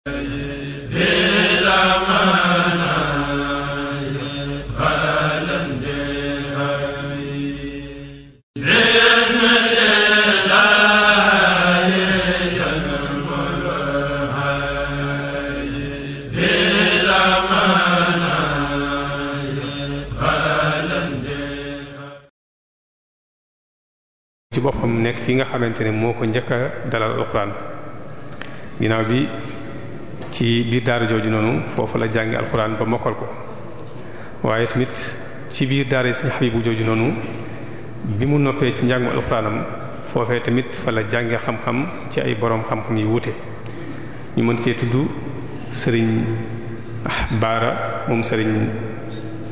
ci boppam nekk ki nga xamante ne moo ko njëkk a dalal alxuraan ginnaaw bi ci biir daara jooju noonu foofu la jàngi alxuraan ba mokkal ko waaye tamit ci biir daara yi Sëriñ Habibu jooju noonu bi mu noppee ci njàngum alxuraanam foofee tamit fa la jànge xam-xam ci ay boroom xam-xam yu wuute ñu mën cee tudd sëriñ baara moom sëriñ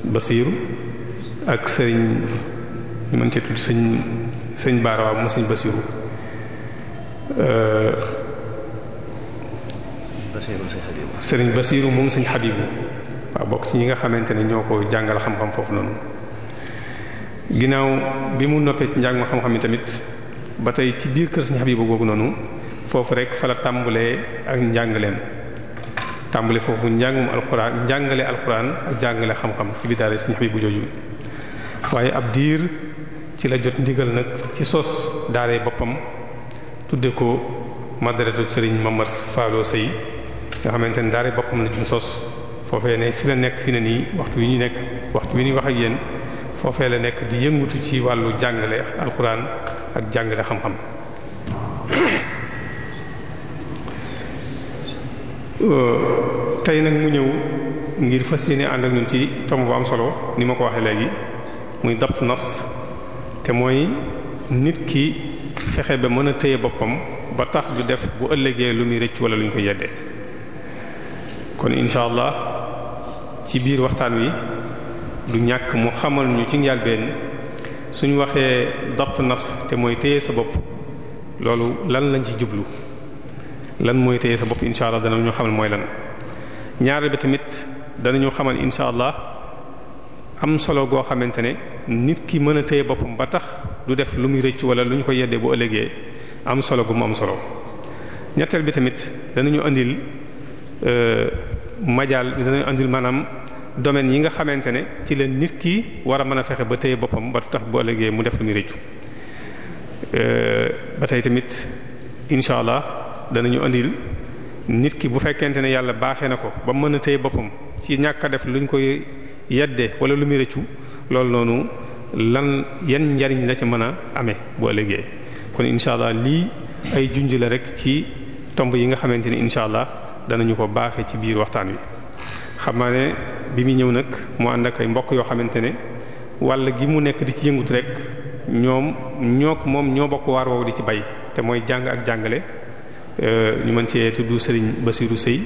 basiiru ak sëriñ mën cee tudd sëñ sëñ baara waaw basiiru euh, Basiiru sëñ Xabiibu sëriñ Basiiru moom sëñ Xabiibu waaw bokk ci ñi nga xamante ne ñoo ko jàngal xam-xam foofu noonu ginnaaw bi mu noppee ci njàng ma xam-xam tamit ba tey ci biir kër sëñ Xabiibu googu noonu foofu rek fa la tàmbalee ak njàngaleem tàmbale foofu njàngum alxuraan njàngale alxuraan ak jàngale xam-xam ci biir daara sëñ Xabiibu jooju waaye ab diir ci la jot ndigal nag ci sos daaree boppam tudde ko madaratu sëriñ Mamar Faalo Sey nga xamante ne daara boppam la jum sos foofee ne fi la nekk fi ne nii waxtu yi ñu nekk waxtu wi ñuy wax ak yéen foofee la nekk di yëngutu ci wàllu jàngale alxuraan ak jàngale xam-xam euh, tey nag mu ñëw ngir fas yéene ànd ak ñun ci tomb bu am solo ni ma ko waxee léegi muy dabt nafs te mooy nit ki fexe ba mën a téye boppam ba tax du def bu ëllëgee lu muy rëcc wala lu ñu ko yeddee kon incha allah ci biir waxtaan wi du ñàkk mu xamal ñu ci njàlbeen suñu waxee dabt nafs te mooy téye sa bopp loolu lan lañ ci jublu lan mooy téye sa bopp incha allah dana ñu xamal mooy lan. ñaareel bi tamit danañu xamal incha allah am solo goo xamante ne nit ki mën a téye boppam ba tax du def lu muy rëcc wala lu ñu ko yeddee bu ëllëgee am solo gu mu am solo ñetteel bi tamit danañu andil. Euh, majaal dinañu andil maanaam domaine yi nga xamante ne ci la nit ki war a mën a fexe ba tey boppam ba tax bu ëllëgee mu def lu muy rëccu euh, ba tey tamit incha allah danañu andil nit ki bu fekkente ne yàlla baaxee na ko ba mën a tey boppam ci ñàkk a def luñ koy yedde wala lu muy rëccu loolu noonu lan yan njariñ la ci mën a amee bu ëllëgee kon incha allah lii ay junj la rek ci tomb yi nga xamante ni incha allah. danañu ko baaxee ci biir waxtaan wi xam naa ne bi mu ñëw nag mu ànd ak ay mbokk yoo xamante ne walla gi mu nekk di ci yëngut rek ñoom ñook moom ñoo bokk waar woowu di ci bay te mooy jàng ak jàngale euh, ñu mën cee tudd sëriñ Basirou Sey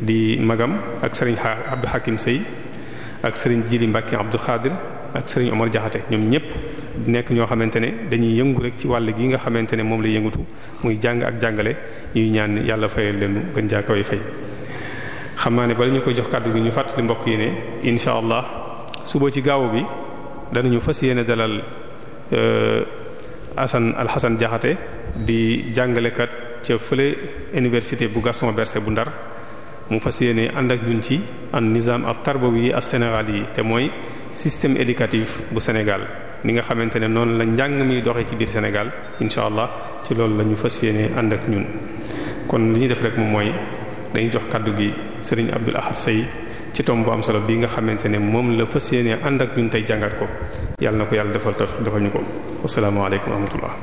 di magam ak Serigne Abdou Hakim Sey ak Serigne Jili Mbacke Abdou Khadir ak Serigne Omar Jaxate ñoom ñépp nekk ñoo xamante ne dañuy yëngu rek ci wàll gi nga xamante ne moom lay yëngatu muy jàng ak jàngale ñuy ñaan yàlla fayal leen gën jaakaway fay xam naa ne bala ñu koy jox kàddu gi ñu fàttali mbokk yi ne incha allah suba ci gaaw bi danañu fas yéene dalal euh, Assane Alxasan Jaxate di jàngalekat ca fële université bu Gaston Berger bu Ndar mu fas yéene ànd ak ñun ci an nizam ak tarbawi yi ak Sénégal yi te mooy système éducatif bu Sénégal ni nga xamante ne noonu la njàng mi doxee ci biir Sénégal incha allah ci loolu la ñu fas yéene ànd ak ñun. kon li ñu def rek moom mooy dañu jox kàddu gi Serigne Abdul Ahad Sey ci tomb bu am solo bii nga xamante ne moom la fas yéene ànd ak ñun tey jàngat ko yàlla na ko yàlla defal toog defal ñu ko wasalaamaaleykum wa rahmatullah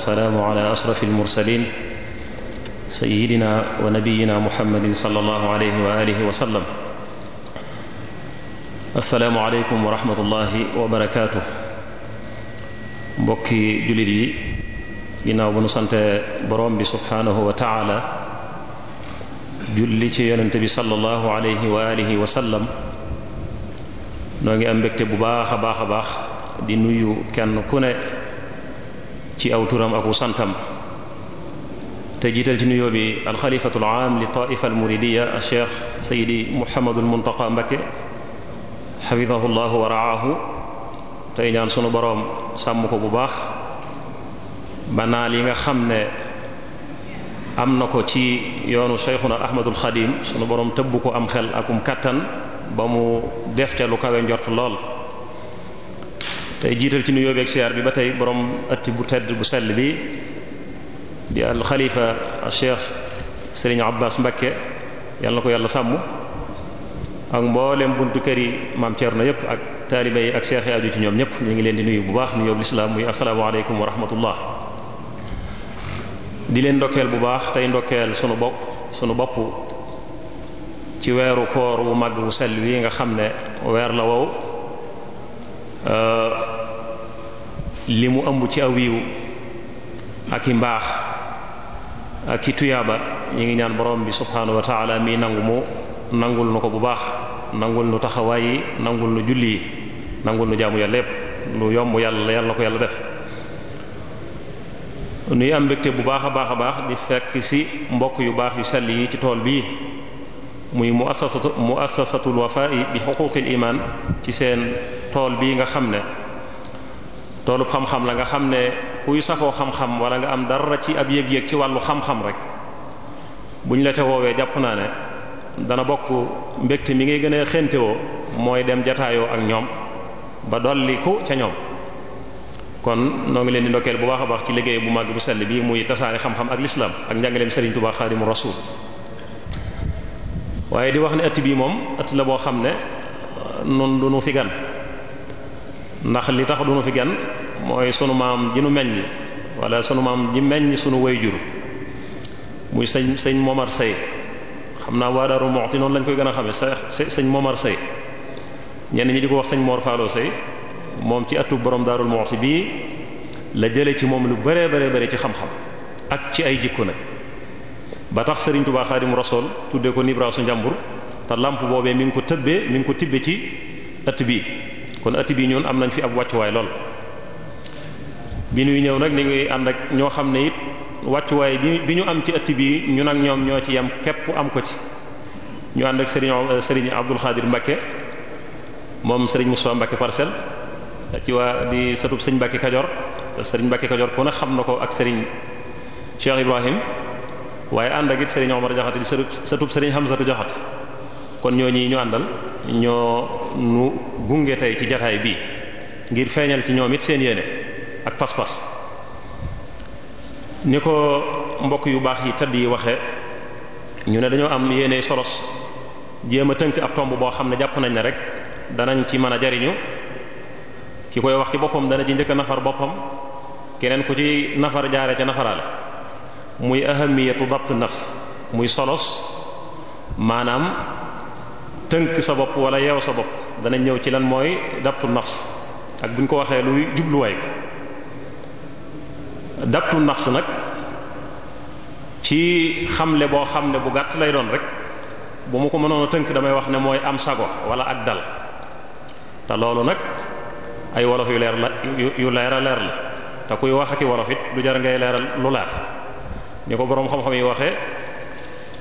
wassalaamu ala ashraf almursalin sayidina wa nabiyina muhammadin sallallahu alayhi wa alihi wa sallam assalaamu aleykum wa rahmatullahi wa barakaatuh mbokki jullit yi ginnaaw ba nu sante borom bi subhaanahu wa taala julli ci yonente bi sallallahu alayhi wa alihi wa sallam noo ngi am mbégte bu baax a baax a baax di nuyu kenn ku ne ci aw turam aku santam te jiital ci nuyoo bi alxalifatul aam li taifa almuridiya cheikh sayidi muhammadul muntaqa mbakke xafidahu llahu wa raahu tey ñaan sunu boroom sàmm ko bu baax ba naa li nga xam ne am na ko ci yoonu cheikhuna ahmadul xadim sunu boroom tëbb ko am xel akum kattan ba mu def ca lu kawe njort lool tey jiital ci nuyoo beeg siyaar bi ba tey borom atti bu tedd bu sell bi di al xalifa al cheikh Serigne Abbas Mbakke yàlla na ko yàlla sàmm ak mboolem buntu kër yi maam na yëpp ak taalibe yi ak seex yi aju ci ñoom ñëpp ñu ngi leen di nuyu bu baax nuyoo bu lislaam muy asalaamaaleykum wa rahmatullah di leen ndokkeel bu baax tey ndokkeel sunu bopp suñu bopp ci weeru koor wu màgg wu sell wi nga xam ne weer la wow. Euh, li mu ëmb ci aw ak i mbaax ak i tuyaaba ñu ngi ñaan borom bi subhaanahu wa taala mi nangu mu nangul nu ko bu baax nangul nu taxawaay yi nangul nu julli yi nangul nu jaamu yàlla yépp lu yomb yàlla yàlla ko yàlla def nuy am mbégte bu baax a baax a baax di fekk ci mbokk yu baax yu sell yi ci tool bii muy mu muassasatu muassasatul wafa'i bi xuquqil iman ci seen tool bii nga xam ne toolub xam-xam la nga xam ne kuy safoo xam-xam wala nga am dara ci ab yéeg-yéeg ci wàllu xam-xam rek buñ la ca woowee jàpp naa ne dana bokk mbégte mi ngay gën a xéntewoo mooy dem jataayoo ak ñoom ba dolliku ca ñoom kon noo ngi leen di ndokkeel bu baax a baax ci liggéey bu màgg bu sell bi muy tasaare xam-xam ak lislaam ak njàngaleem Serigne Touba Xaadimu Rasuul waaye di wax ne ëtt bii moom ëtt la boo xam ne nun du nu fi gan ndax li tax du nu fi gan mooy sunu maam ji nu meññ wala sunu maam ji meññ sunu woy jur muy sëñ sëñ Momar Sey xam naa waa Daaru Muxti noonu lañ koy gën a xamee sëñ sañ Momar Sey ñenn ñi di ko wax sëñ Mor Fallou Sey moom ci atub borom Daaru Muxti bii la jëlee ci moom lu bëree bëree bëri ci xam-xam ak ci ay jikko nag ba tax Serigne Touba Xaadim Rasool tuddee ko Nibraasu Njambur te làmp boobee mi ngi ko tëbbee mi ngi ko tibbee ci ëtt bii kon ëtt bii ñun am nañ fi ab wàccuwaay lool. bi ñuy ñëw nag dañuy ànd ak ñoo xam ne it wàccuwaay bi bi ñu am ci ëtt bii ñu nag ñoom ñoo ci yem képp am ko ci ñu ànd ak sëriñ sëriñ Abdul Xaadir moom sëriñ Moussa Mbacke parcelle ci waa di sëñ Mbacke Kajoor te sëriñ Mbacke Kajoor ku ne xam na ko ak sëriñ Cheikh Ibrahim waaye ànd ak it sëriñ Omar Jaxate di satub satub sëriñ Hamzatu kon ñoo ñii ñu àndal ñoo nu gunge tey ci jataay bii ngir feeñal ci ñoom it seen yéene ak pas-pas ni ko mbokk yu baax yi tëdd yi waxee ñu ne dañoo am yéene solos jéem a tënk ab tomb boo xam ne jàpp nañ ne rek danañ ci mën a jariñu ki koy wax ci boppam dana ci njëkk nafar boppam keneen ku ci nafar jaare ca nafaraale muy ahamiyatu dabt nafs muy solos maanaam tënk sa bopp wala yeew sa bopp danañ ñëw ci lan mooy dabt nafs ak buñ ko waxee luy jubluwaay bi dabtu nafs nag ci xam le boo xam ne bu gàtt lay doon rek bu mu ko mënoon a tënk damay wax ne mooy am sago wala ak dal te loolu nag ay wolof yu leer la yu leer a leer la te kuy wax ak i wolof du jar ngay leeral lu leer ni ko boroom xam-xam yi waxee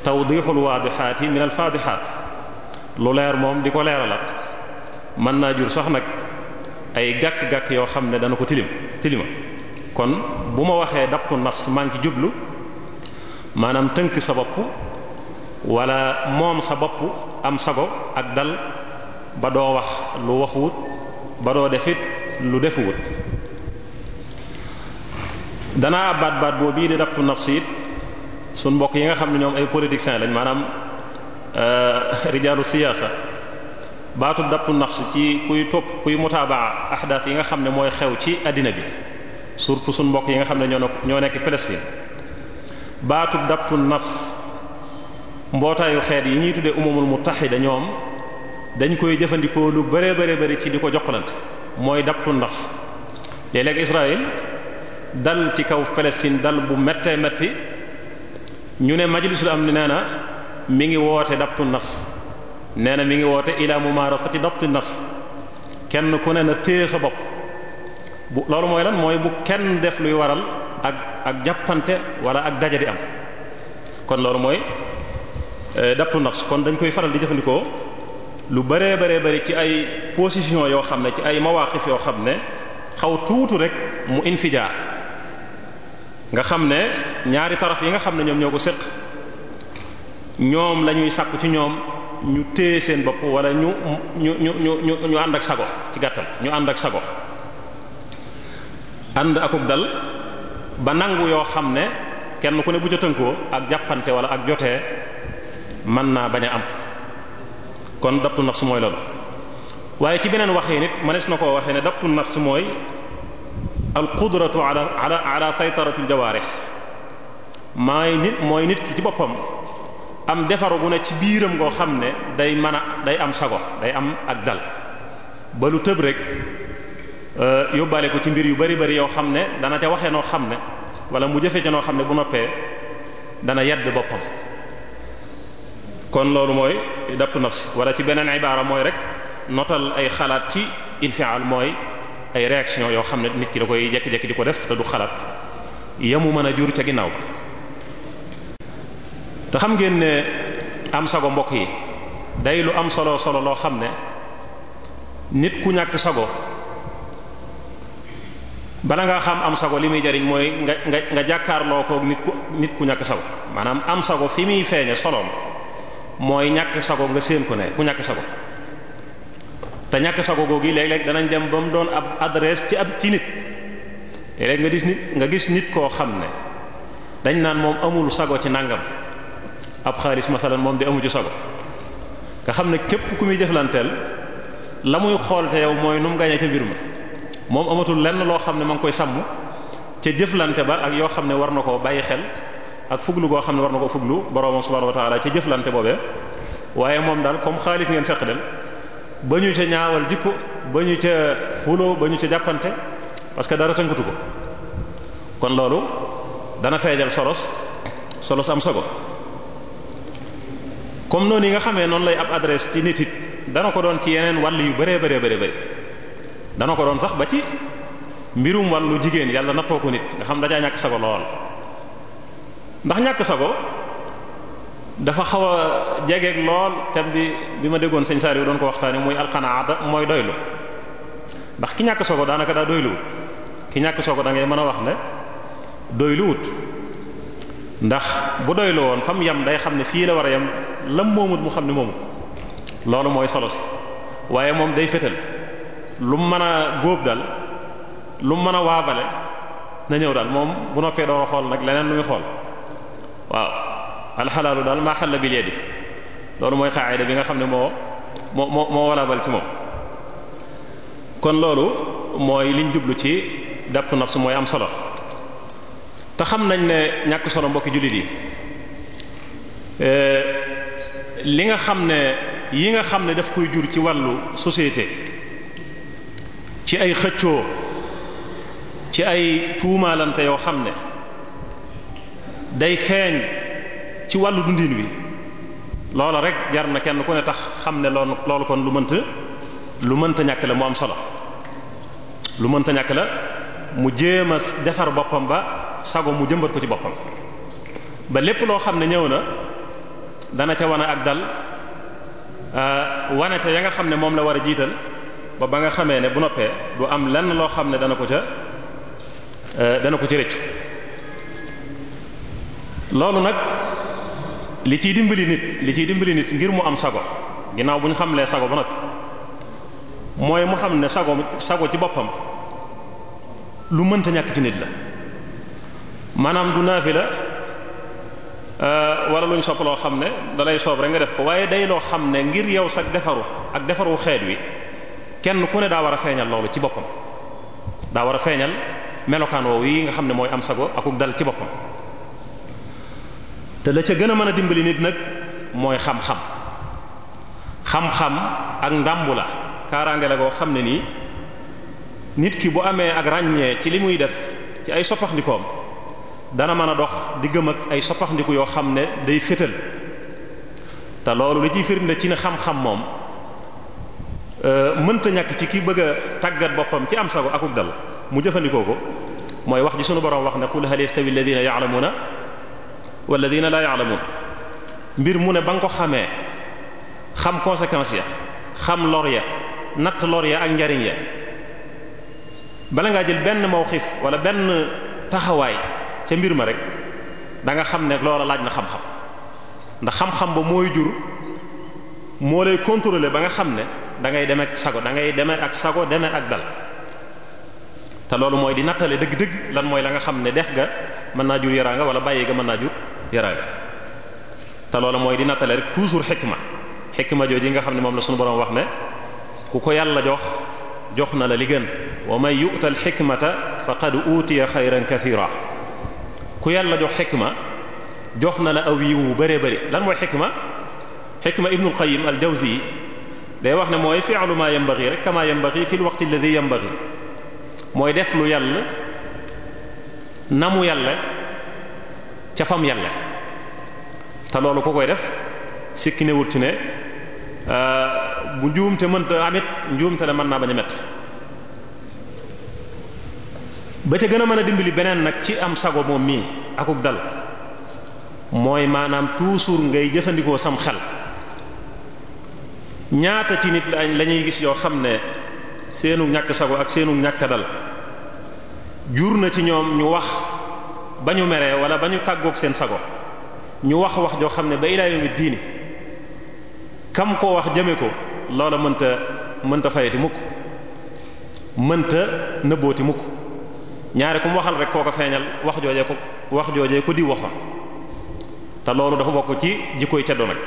tawdixul waadixaati min al faadixaat lu leer moom di ko leeralat mën naa jur sax nag ay gàkk-gàkk yoo xam ne dana ko tilim tilima kon bu ma waxee dabtu nafs maa ngi ci jublu maanaam tënk sa bopp wala moom sa bopp am sago ak dal ba doo wax lu waxuwut ba doo defit lu defuwut danaa ab baat baat boo bii di dabtu nafs it suñ mbokk yi nga xam ne ñoom ay politiciens lañ maanaam euh, rijaalu siyaasa baatu dabtu nafs ci kuy topp kuy mutaabaa ahdaaf yi nga xam ne mooy xew ci àddina bi surtout suñ mbokk yi nga xam ne ñoo ñoo nekk Palestine baatu daptu nafs mbootaayu xeet yi ñuy tuddee umamul mutahida ñoom dañ koy jëfandikoo lu bëree bëri bëri ci di ko jokkalante mooy daptu nafs léeg-léeg Israël dal ci kaw Palestine dal bu méttee métti ñu ne majlisul am ni nee na mi ngi woote daptu nafs nee na mi ngi woote ila mumarasati daptu nafs kenn ku ne na téye sa bopp bu loolu mooy lan mooy bu kenn def luy waral ak ak jàppante wala ak daje di am kon loolu mooy eh, dapp nafs kon dañ koy faral di jëfandikoo lu bëree bëree bari ci ay position yoo xam ne ci ay mawaqif yoo xam ne xaw tuutu rek mu infijaar nga xam ne ñaari taraf yi nga xam ne ñoom ñoo ko séq ñoom lañuy ñuy ci ñoom ñu téye seen bopp wala ñu ñu ñu ñu ñu ànd ak sago ci gàttal ñu ànd ak sago ànd akuk dal ba nangu yoo xam ne kenn ku ne bu ca tënkoo ak jàppante wala ak jotee mën naa ba a am kon dabtu nafs mooy loolu waaye ci beneen waxee nit mënees na koo waxee ne dabtu nafs mooy al qudratu ala ala ala saytaratil jawaarih nit mooy nit ki ci boppam am defaru gu ne ci biiram goo xam ne day mën a day am sago day am ak dal ba lu tëb rek Euh, yóbbaale ko ci mbir yu bari bari yoo xam ne dana ca waxee noo xam ne wala mu jëfee ca noo xam ne bu noppee dana yedd boppam kon loolu mooy dapp nafsi wala ci beneen ibaara mooy rek notal ay xalaat ci infial mooy ay réaction yoo xam ne nit ki da koy jekki di ko def te xalaat yamu mën a jur ca ginnaaw te xam ngeen am sago mbokk yi day lu am solo solo loo xam ne nit ku ñàkk sago bala ngaa xam am sago li muy jariñ mooy nga nga nga jàkkaarloo ko nit ku nit ku ñàkk sago maanaam am sago fi muy feeñe soloom mooy ñàkk sago nga séen ko ne ku ñàkk sago te ñàkk sago googu léeg-léeg danañ dem ba mu doon ab adresse ci ab ci nit léeg nga gis nit nga gis nit koo xam ne dañ naan moom amul sago ci nangam ab xaalis masalan moom di amul ci sago nga xam ne képp ku muy jëflanteel la muy xool te yow mooy nu mu gañee ca mbir ma moom amatul lenn loo xam ne ma ngi koy sàmm ca jëflante ba ak yoo xam ne war na koo bàyyi xel ak fuglu goo xam ne war na koo fuglu boroomam subhaanahu wa ta'ala ca jëflante boobee waaye moom daal comme xaalis ngeen seq del ba ñu ca ñaawal jikko ba ñu ca xuloo ba ñu ca jàppante parce que dara tënkatu ko kon loolu dana feejal solos solos am sago comme noonu yi nga xamee noonu lay ab adresse ci nit it dana ko doon ci yeneen wàll yu bëree bëree bëri bëri dana ko doon sax ba ci mbirum wàllu jigéen yàlla nattoo ko nit nga xam dajaa ñàkk sago lool ndax ñàkk sago dafa xaw jegeek jegeeg lool thème bi bi ma déggoon sëñ Saliou doon ko waxtaanee muy alqanaata mooy doylu ndax ki ñàkk sogo daanaka daa doyluwut ki ñàkk sogo da ngay mën a wax ne doyluwut ndax bu doylu woon fam yam day xam ne fii la war a yam lam moomut mu xam ne moomu loolu mooy solo si waaye moom day fétal lu mu mën a góob daal lu mu mën a waabale na ñëw daal moom bu noppee doo xool nag leneen lu muy xool waaw alxalaalu daal maa xalla bil yadi loolu mooy xaayida bi nga xam ne moo moo moo moo walaabal ci moom kon loolu mooy liñ jublu ci dàpp nafs mooy am solo te xam nañ ne ñàkk solo mbokki jullit yi eh, li nga xam ne yi nga xam ne daf koy jur ci wàllu société ci ay xëccoo ci ay tuumaalante yoo xam ne day feeñ ci wàllu dundin wi loola rek jar na kenn ku ne tax xam ne loolu loolu kon lu mënt lu mënta ñàkk la mu am solo lu mënta ñàkk la mu jéem a defar boppam ba sago mu jëmbat ko ci boppam ba lépp loo xam ne ñëw na dana ca wane ak dal euh, wane ca ya nga xam ne moom la war a jiital ba ba nga xamee ne bu noppee du am lenn loo xam ne dana ko ca euh, dana ko ca rëccu loolu nag li ciy dimbali nit li ciy dimbali nit ngir mu am sago ginnaaw bu ñu xamlee sago ba noppi mu xam ne sago sago ci boppam lu mënta ñàkk ci nit la maanaam du naafi la euh, wala luñ ñu sopp loo xam ne dalay soob rek nga def ko waaye day loo xam ne ngir yow sa defaru ak defaru xeet wi kenn ku ne daa war a feeñal loolu ci boppam daa war a feeñal melokaan woow yi nga xam ne mooy am sago akuk dal ci boppam te la ca gën a mën a dimbali nit nag mooy xam-xam xam ak ndàmbu la kaaraange la goo xam ne nii nit ki bu amee ak ràññee ci li muy def ci ay soppaxndikoom dana mën a dox di gëm ay soppaxndiku yoo xam ne day féetal te loolu li ciy firnde ci ne xam-xam moom Euh, mënta ñàkk ci ki bëgg tàggat boppam ci am sago akuk dal mu jëfandikoo ko mooy wax ji sunu borom wax ne qul hal yastawi alladhina ya'lamuna walladhina la ya'lamun mbir mu ne ba nga ko xamee xam conséquence xam lor natt lor ya ak njariñ ya bala ngaa jël benn mawxif wala benn taxawaay ca mbir ma rek da nga xam ne loola laaj na xam-xam ndax xam-xam ba mooy jur moo lay contrôler ba nga xam ne da ngay demee ak sago da ngay ak sago demee ak dal te loolu mooy di nattale dëgg-dëgg lan mooy la nga xam ne def ga mën naa jur yaraanga wala bàyyi ga mën naa jur te loolu mooy di nattale rek toujours xikma xikma jooju nga xam ne moom la suñu borom wax ne ku ko yàlla jox jox na la li gën wa man yu'ta al xikmata faqad utiya xayran kathira ku yàlla jox xikma jox na la aw yiwu bëree bëri lan mooy xikma xikma ibnul qayyim al jawzi day wax ne mooy fi'lu ma yanbaghi rek kama yanbaghi fil waqti alladhi yanbaghi mooy def lu yàlla namu yàlla ca fam yàlla te loolu ko koy def sikki ne wut ci ne euh, bu njuumte mënta amit njuumte la mën naa bañ a mett ba ca gën a mën a dimbali beneen nag ci am sago moom mii akuk dal mooy maanaam toujours ngay jëfandikoo sam xel ñaata ci nit la ñuy gis yoo xam ne seenu ñàkk sago ak seenu ñàkk dal jur na ci ñoom ñu wax ba ñu meree wala ba ñu tàggoog seen sago ñu wax wax joo xam ne ba ilaa yawmi diini kam koo wax jëme ko loola mënta mënta fayati mukk mënta nëbbooti mukk ñaare kum waxal rek koo feeñal wax joojee ko wax joojee ko di waxoon te loolu dafa bokk ci jikkooy ceddo nag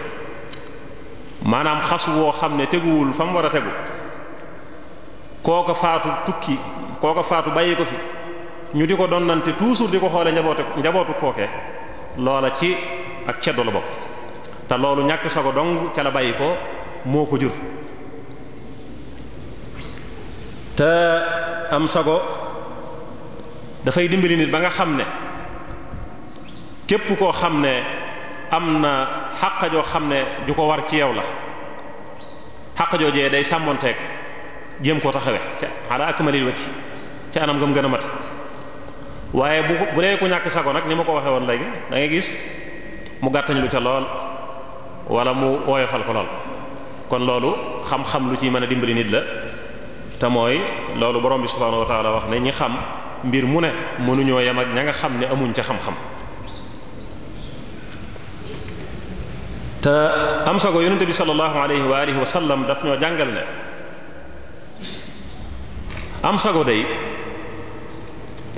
maanaam xasu woo xam ne teguwul fa mu war a tegu kooka faatu tukki kooka faatu bàyyi ko fi ñu di ko donnante toujours di ko xoole njabootu njabootu kookee loola ci ak ceddo la bokk te loolu ñàkk sago dong ca la bàyyi ko moo ko jur te am sago dafay dimbali nit ba nga xam ne képp koo xam ne am na xàq xam ne ju ko war ci yow la xàq joo jee day sàmmonteeg jéem koo taxawe ca ala akmalil wati ci anam gam gën a mat waaye bu bu dee ku ñàkk sago nag ni ma ko waxee woon léegi dangay gis mu gàttañ lu ca lool wala mu woyofal ko lool kon loolu xam-xam lu ci mën a dimbali nit la te mooy loolu borom bi subhaanahu wax ne ñi xam mbir mu ne mënuñoo yem ak ña nga xam ne amuñ ca xam-xam te am sago yonente bi sallallahu alayhi wa alihi wa sallam daf ñoo jàngal ne am sago day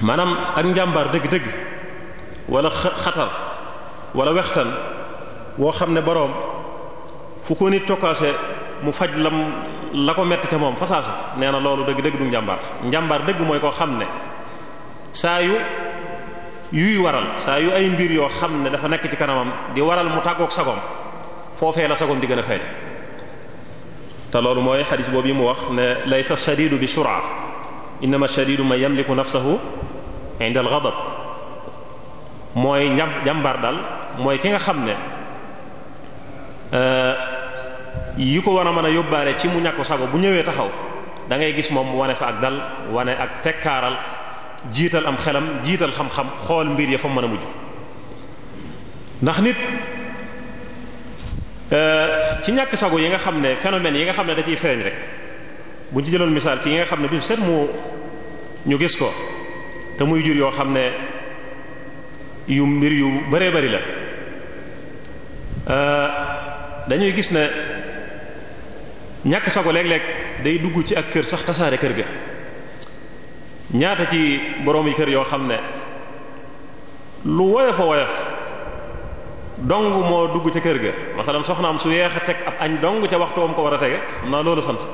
maanaam ak njàmbaar dëgg-dëgg wala xatar wala wextan woo xam ne boroom fu ko nit cokkaase mu faj lam la ko metti ca moom fasaasa nee na loolu dëgg-dëgg du njàmbaar njàmbaar dëgg mooy koo xam ne saa yu yuy waral saa yu ay mbir yoo xam ne dafa nekk ci kanamam di waral mu tàggoog sagoom foofee la sagom di gën a feeñ te loolu mooy xadis boobu yi mu wax ne laysa shadidu bi shura innama shadidu man yamliku nafsahu inda al ghadab mooy ñam jàmbaar daal mooy ki nga xam ne euh, yi ko war a mën a yóbbaale ci mu ñàkku sago bu ñëwee taxaw dangay gis moom mu wane fa ak dal wane ak tekkaaral jiital am xelam jiital xam-xam xool mbir yi fa mën a mujj ndax nit Euh, ci ñàkk sago yi nga xam ne phénomènes yi nga xam ne da ciy feeñ rek buñ ci jëloon misaal ci yi nga xam ne bisu set mu ñu gis ko te muy jur yoo xam ne yu mbir yu bëree bari la euh, dañuy gis ne ñàkk sago léeg-léeg day dugg ci ak kër sax tasaare kër ga ñaata ci borom yi kër yoo xam ne lu woyof a woyof dong moo dugg ca kër ga masalan soxnaam su yeex a teg ab añ dong ca waxtu wam ko war a tege am naa loolu sant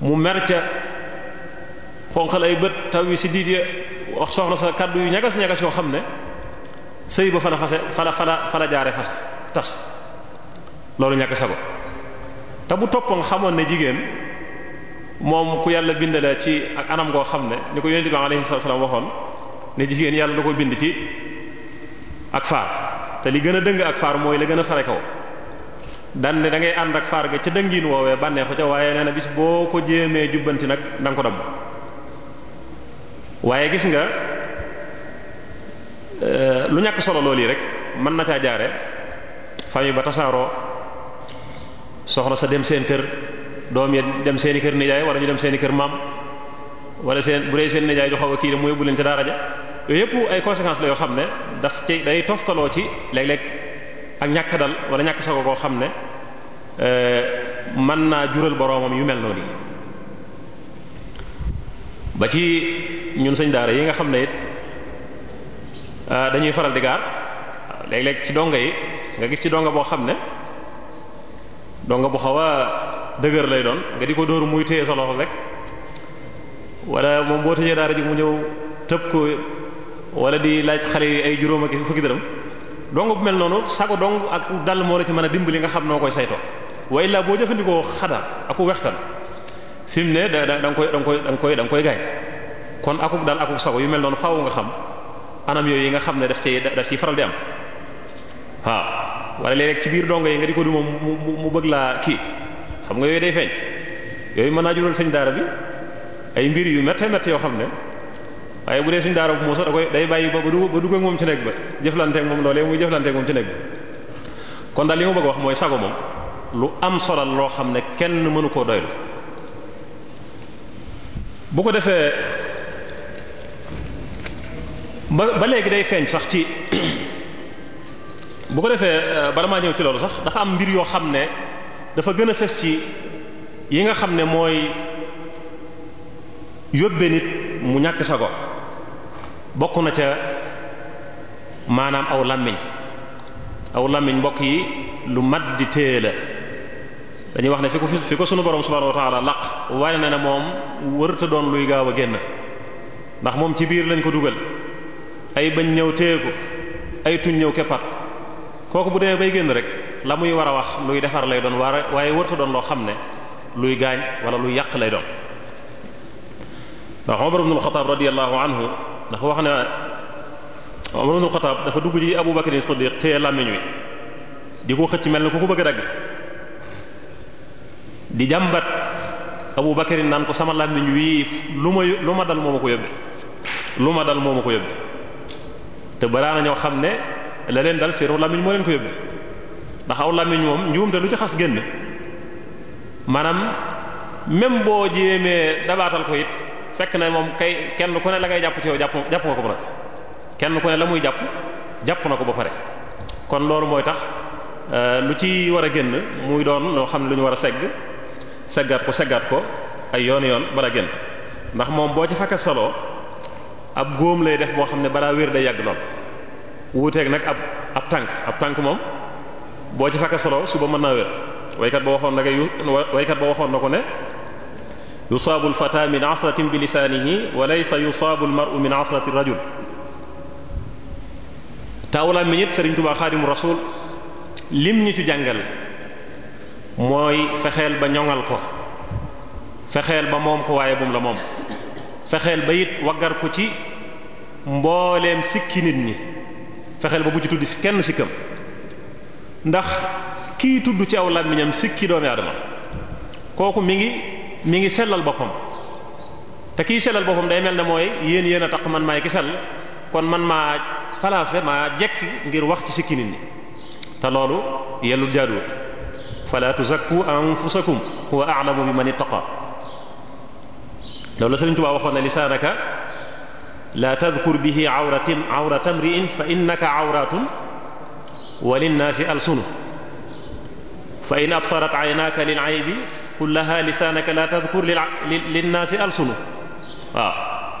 mu mer ca xonqal ay bët taw yi si diit ya wax soxna sa kàddu yu ñagas ñagas yoo xam ne sëy ba fala fase fala fala fala jaare fas tas loolu ñàkk sago te bu toppoon xamoon ne jigéen moom ku yàlla bindale ci ak anam goo xam ne ñu ko yonent bi alayhi salaam waxoon ne jigéen yàlla da ko bind ci ak faar te li gën a dëng ak faar mooy la gën a fare kaw dan dangay ànd ak faar ga ca dëngiin woowee bànneexu ca waaye nee bis boo ko jéemee jubbanti nag da nga ko damm waaye gis nga euh, lu ñàkk solo lool yi rek mën na caa jaare famille ba tasaaroo soxna sa dem seen kër doom ya dem seeni kër nijaay war ñu dem seeni kër maam wala seen bu dee seen nijaay ju xaw a kii de mu yóbbu leen ca daara ja yooyu yëpp ay conséquences la yoo xam ne daf ci day toftaloo ci léeg-léeg ak ñàkk dal wala ñàkk sago koo xam ne euh, man naa jural boroomam yu mel noonu ba ci ñun sëñ daara yi nga xam ne euh, dañuy faral di gaar léeg-léeg ci donga yi nga gis ci donga boo xam ne donga bu xaw a dëgër lay doon nga di ko dóoru muy téye sa loxo rek wala moom boo tëjee daara ji mu ñëw tëb ko wala di laaj xale yi ay juróom ak fukki dërëm dong bu mel noonu sago dong ak dal moo la ci mën a dimbali nga xam noo koy sayto wa illaa boo jëfandikoo xadar aku wextan fi mu ne da da koy da koy da nga koy da nga koy gaañ kon akuk dal akuk sago yu mel noonu faaw nga xam anam yooyu yi nga xam ne daf ci daf ciy faral di am waaw wala léeg ci biir dong yi nga di ko du moom mu mu bëgg laa kii xam nga yooyu day feeñ yooyu mën naa jural sëñ daara bi ay mbir yu méttee méttee yoo xam ne. waaye bu dee suñu daara bu muusa da koy day bàyyi ba ba dugg ba dugg ak moom ci nekk ba jëflanteeg moom loolee muy jëflanteeg moom ci nekk ba kon daal li ma bëgg wax mooy sago moom lu am solo loo xam ne kenn mënu koo doylu bu ko defee ba ba léegi day feeñ sax ci bu ko defee euh, bala maa ñëw ci loolu sax dafa am mbir yoo xam ne dafa gën a fes ci yi nga xam ne mooy yóbbe nit mu ñàkk sago bokk na ca maanaam aw làmmiñ aw làmmiñ mbokk yi lu mat di téye la dañuy wax ne fi ko fi ko sunu borom subhaanahu wa ta'ala laq waaye na ne moom wërta doon luy gaaw a génn ndax moom ci biir lañ ko dugal ay bañ ñëw téye ko ay tuñ ñëw keppaat kooku bu demee bay génn rek la muy war a wax luy defar lay doon war waaye wërta doon loo xam ne luy gaañ wala luy yàq lay doon ndax Umar ibn al-Khattab radiyallahu anhu ndax wax ne Umar ibn Xattaab dafa dugg ci Abu Bakr as-Siddiq téye làmmiñ wi di ko xëcc mel na ku ko bëgg a dagg di jàmbat Abu Bakr naan ko sama làmmiñ wi lu ma lu ma dal moo ma ko yóbbe lu ma dal moo ma ko yóbbe te baraana ñoo xam ne la leen dal seenu làmmiñ moo leen ko yóbbe ndax aw làmmiñ moom njuum te lu ci xas génn maanaam même boo jéemee dabaatal ko it fekk na moom kay kenn ku ne la ngay jàpp ci yow jàpp jàpp nga ko ba noppi kenn ku ne la muy jàpp jàpp na ko ba pare kon loolu mooy tax euh, lu ci war a génn muy doon loo xam ne lu ñu war a segg seggaat ko seggaat ko ay yoon yoon bala génn ndax moom boo ci fakka saloo ab góom lay def boo xam ne balaa wér day yàgg lool wuuteeg nag ab ab tànk ab tànk moom boo ci fakka saloo suba mën naa wér waykat waxoon na ngay waykat ba waxoon na ko ne yusaabu alfata min asratin bi lisaanihi wa laysa yusaabu almaru min asrati rajul taawlaa mi ñit Sëriñ Tuubaa Xaadimu Rasuul lim ñu ci jàngal mooy fexeel ba ñoŋal ko fexeel ba moom ko waaye bum la moom fexeel ba it waggar ko ci mbooleem sikki nit ñi fexeel ba bu ci tudd si kenn sikkam ndax kii tudd ci aw làmmiñam sikki doomi aadama kooku mi ngi mi ngi sellal boppam te kiy sellal boppam day mel na mooy yéen yéen a tax man maay ki kon man maa placé maa jekk ngir wax ci sikki nit ñi te loolu yellu jaaduwut fala tuzakku anfusakum huwa a'lamu bi man ittaqa loolu Sëriñ Tuubaa waxoon ne lisaanaka la tadkur bihi awratin awrata mri'in fa innaka alsunu fa in absarat lil aybi qul laha lisaanaka la tadkur linnaasi alsunu waaw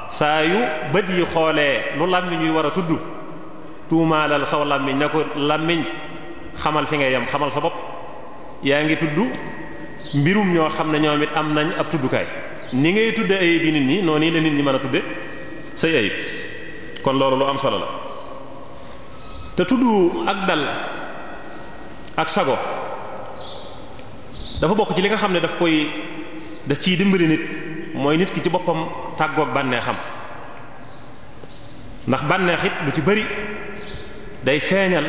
saa yu bët yi xoolee lu làmmiñ yu war a tudd tuumaalal saw làmmiñ ne ko làmmiñ xamal fi ngay yam xamal sa bopp yaa ngi tudd mbirum ñoo xam ne ñoom it am nañ ab tuddukaay ni ngay tudde ayib yi nit ñi noonu yi la nit ñi mën a tudde say ayib kon loolu lu am solo la te tuddu ak dal ak sago dafa bokk ci li nga xam ne daf koy daf ciy dimbali nit mooy nit ki ci boppam tàggoog bànneexam ndax bànneex it lu ci bëri day feeñal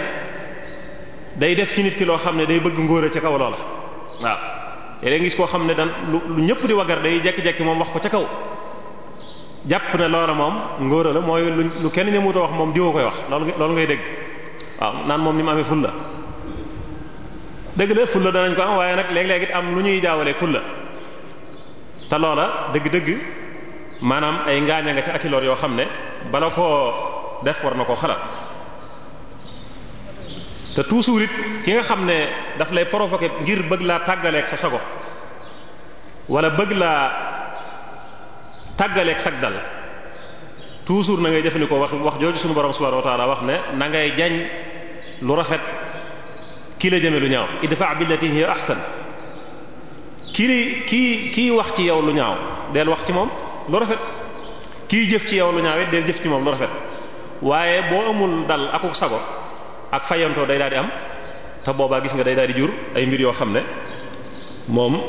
day def ci nit ki loo xam ne day bëgg ngóora ca kaw loola waaw yéen gis koo xam ne dan lu ñëpp di wagar day jekki-jekki moom wax ko ca kaw jàpp na loola moom ngóora la mooy lu kenn ñëmuta wax moom diwa koy wax loolu ngay dégg waaw naan moom ni mu amee ful la dëgg la fulla danañ ko am waaye nag léeg-léeg it am lu ñuy jaawaleeg fulla te loola dëgg-dëgg maanaam ay ngaaña nga ci ak yoo xam ne bala koo def war na koo xalaat te toujours it ki nga xam ne daf lay provoquer ngir bëgg laa tàggaleeg sa sago wala bëgg laa tàggaleeg sag dal toujours na jafandikoo jëfandikoo wax wax jooju suñu borom subhanahu wa ta'ala wax ne na ngay jañ lu rafet kii la jëme lu ñaaw idfa billati hiya ahsan kii kii kii wax ci yow lu ñaaw del wax ci moom lu rafet kii jëf ci yow lu ñaaw it del jëf ci moom lu rafet waaye boo amul dal akuk sago ak fayantoo day daal di am te boobaa gis nga day daal di jur ay mbir yoo xam ne moom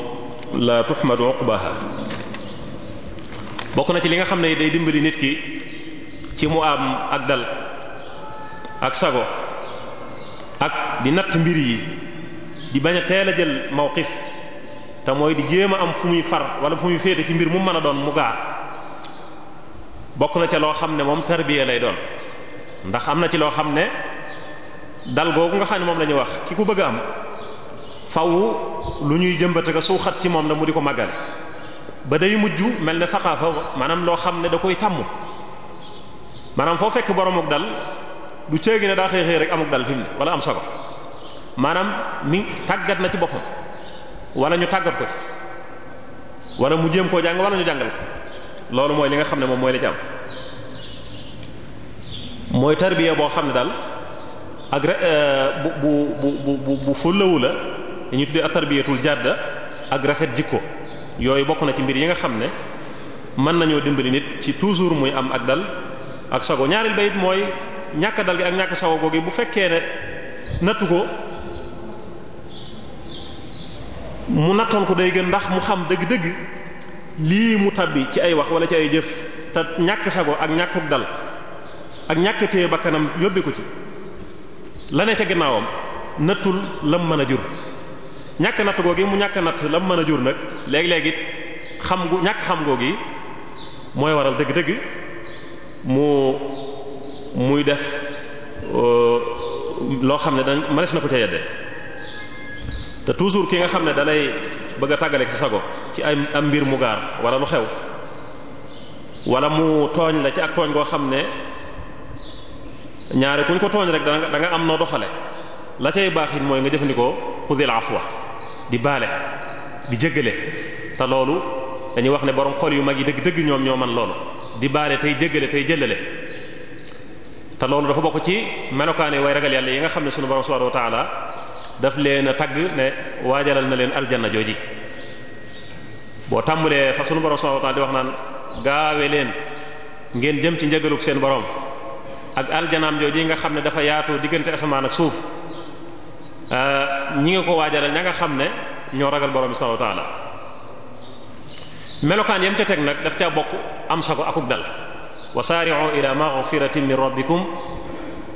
la tuhmadu uqbaha bokk na ci li nga xam ne day dimbali nit ki ci mu am ak dal ak sago ak di natt mbir yi di bañ a teel a jël mawqif te mooy di jéem a am fu muy far wala fu muy féete ci mbir mu mën a doon mu gaar bokk na ca loo xam ne moom tarbiya lay doon ndax am na ci loo xam ne dal googu nga xam ne moom la ñu wax ki ku bëgg am faw lu ñuy jëmbat ka suuxat ci moom la mu di ko màggal ba day mujj mel ne saqaafa maanaam loo xam ne da koy tàmm maanaam foo fekk boromuk dal du céegi ne daa xëy xëy rek amuk dal fi ne wala am sago maanaam mi tàggat na ci boppam wala ñu tàggat ko ci wala mu jéem koo jàng wala ñu jàngal ko loolu mooy li nga xam ne moom mooy la ci am mooy tarbiya boo xam ne daal ak euh, bu bu bu bu bu fëlawu la dañuy tuddee atarbiyatul jàdda ak rafet jikko yooyu bokk na ci mbir yi nga xam ne mën nañoo dimbali nit ci toujours muy am ak dal ak sago ñaareel bayit mooy ñàkk dal gi ak ñàkk sawo googu bu fekkee nattu ko mu nattoon ko day gën ndax mu xam dëgg-dëgg lii mu tabbi ci ay wax wala ci ay jëf te ñàkk sago ak ñàkkuk dal ak ñàkk téye bakkanam yóbbi ko ci la ne ca ginnaawam nattul lam mën a jur ñàkk natt googu mu ñàkk natt lam mën a jur nag léeg-léeg xam gu ñàkk xam googu mooy waral dëgg-dëgg mu muy def euh, loo xam ne dañ mënees na ko ca yedde te toujours ki nga xam ne dalay bëgg a tàggaleeg sa sago ci ay am mbir mu gaar wala lu xew wala mu tooñ la ci ak tooñ goo xam ne ñaare kuñ ko tooñ rek da nga am noo doxale la cay baax it mooy nga jëfandikoo xudil afwa di baale di jéggale te loolu dañuy wax ne borom xol yu mag yi dëgg dëgg ñoom ñoo man loolu di baale tey jéggale tey jëllale te loolu dafa bokk ci melokaan yi way ragal yàlla yi nga xam ne sunu borom subhanahu wa ta'ala daf leen a tagg ne waajaral na leen aljana jooji boo tàmbalee fa sunu borom subhanahu wa ta'ala di wax naan gaawe leen ngeen jëm ci njëgaluk seen borom ak aljanaam jooji nga xam ne dafa yaatoo diggante asamaan ak suuf ñi nga ko waajalal ña nga xam ne ñoo ragal borom subhanahu wa ta'ala melokaan yam te teg nag daf caa bokk am sago akuk dal wa saari'u ila maghfiratin min rabbikum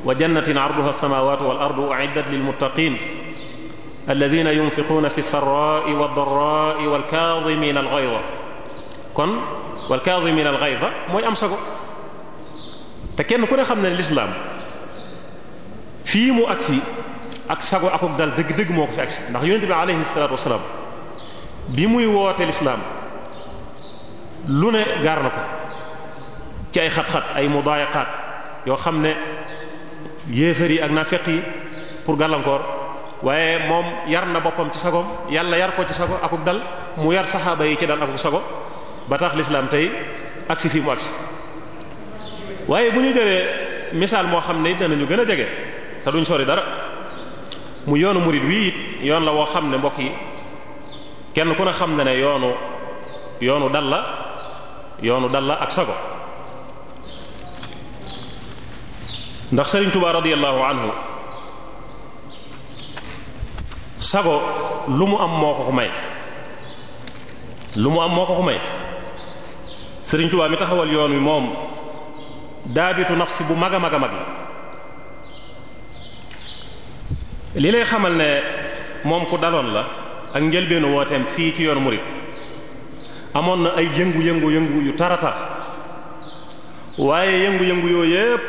wa jannatin 'arduha as-samawatu wal ardu u'iddat lil muttaqin alladhina yunfiquna fi as-sarra'i wad-dharra'i wal kaadhimina al-ghayza kon wal kaadhimina al-ghayza mooy am sago te kenn ku ne xam ne lislaam fii mu agsi ak sago akok dal dëgg-dëgg moo ko fi agsi ndax yonent bi alayhi salaatu wasalaam bi muy wootee lislaam lu ne gaar na ko ci ay xat-xat ay mudaayaqaat yoo xam ne yéefar yi ak naafeq yi pour gàllankoor waaye moom yar na boppam ci sagoom yàlla yar ko ci sago akuk dal mu yar saxaaba yi ci dal akuk sago ba tax lislaam tey agsi fii mu agsi waaye bu ñu jëlee misaal moo xam ne danañu gën a jege te duñ sori dara mu yoonu murit wii it yoon la woo xam ne mbokk yi kenn ku ne xam ne ne yoonu yoonu dal la yoonu dal la ak sago ndax sëriñ Tuubaa radiyallahu anhu sago lu mu am moo ko ko may lu mu sëriñ Tuubaa mi taxawal yoon wi moom daabitu nafsi bu mag a mag a mag la li lay xamal ne moom ku daloon la ak njëlbeenu wooteem fii ci yoonu murid amoon na ay jëngu yëngu yëngu yu taratar waaye yëngu yëngu yooyu yépp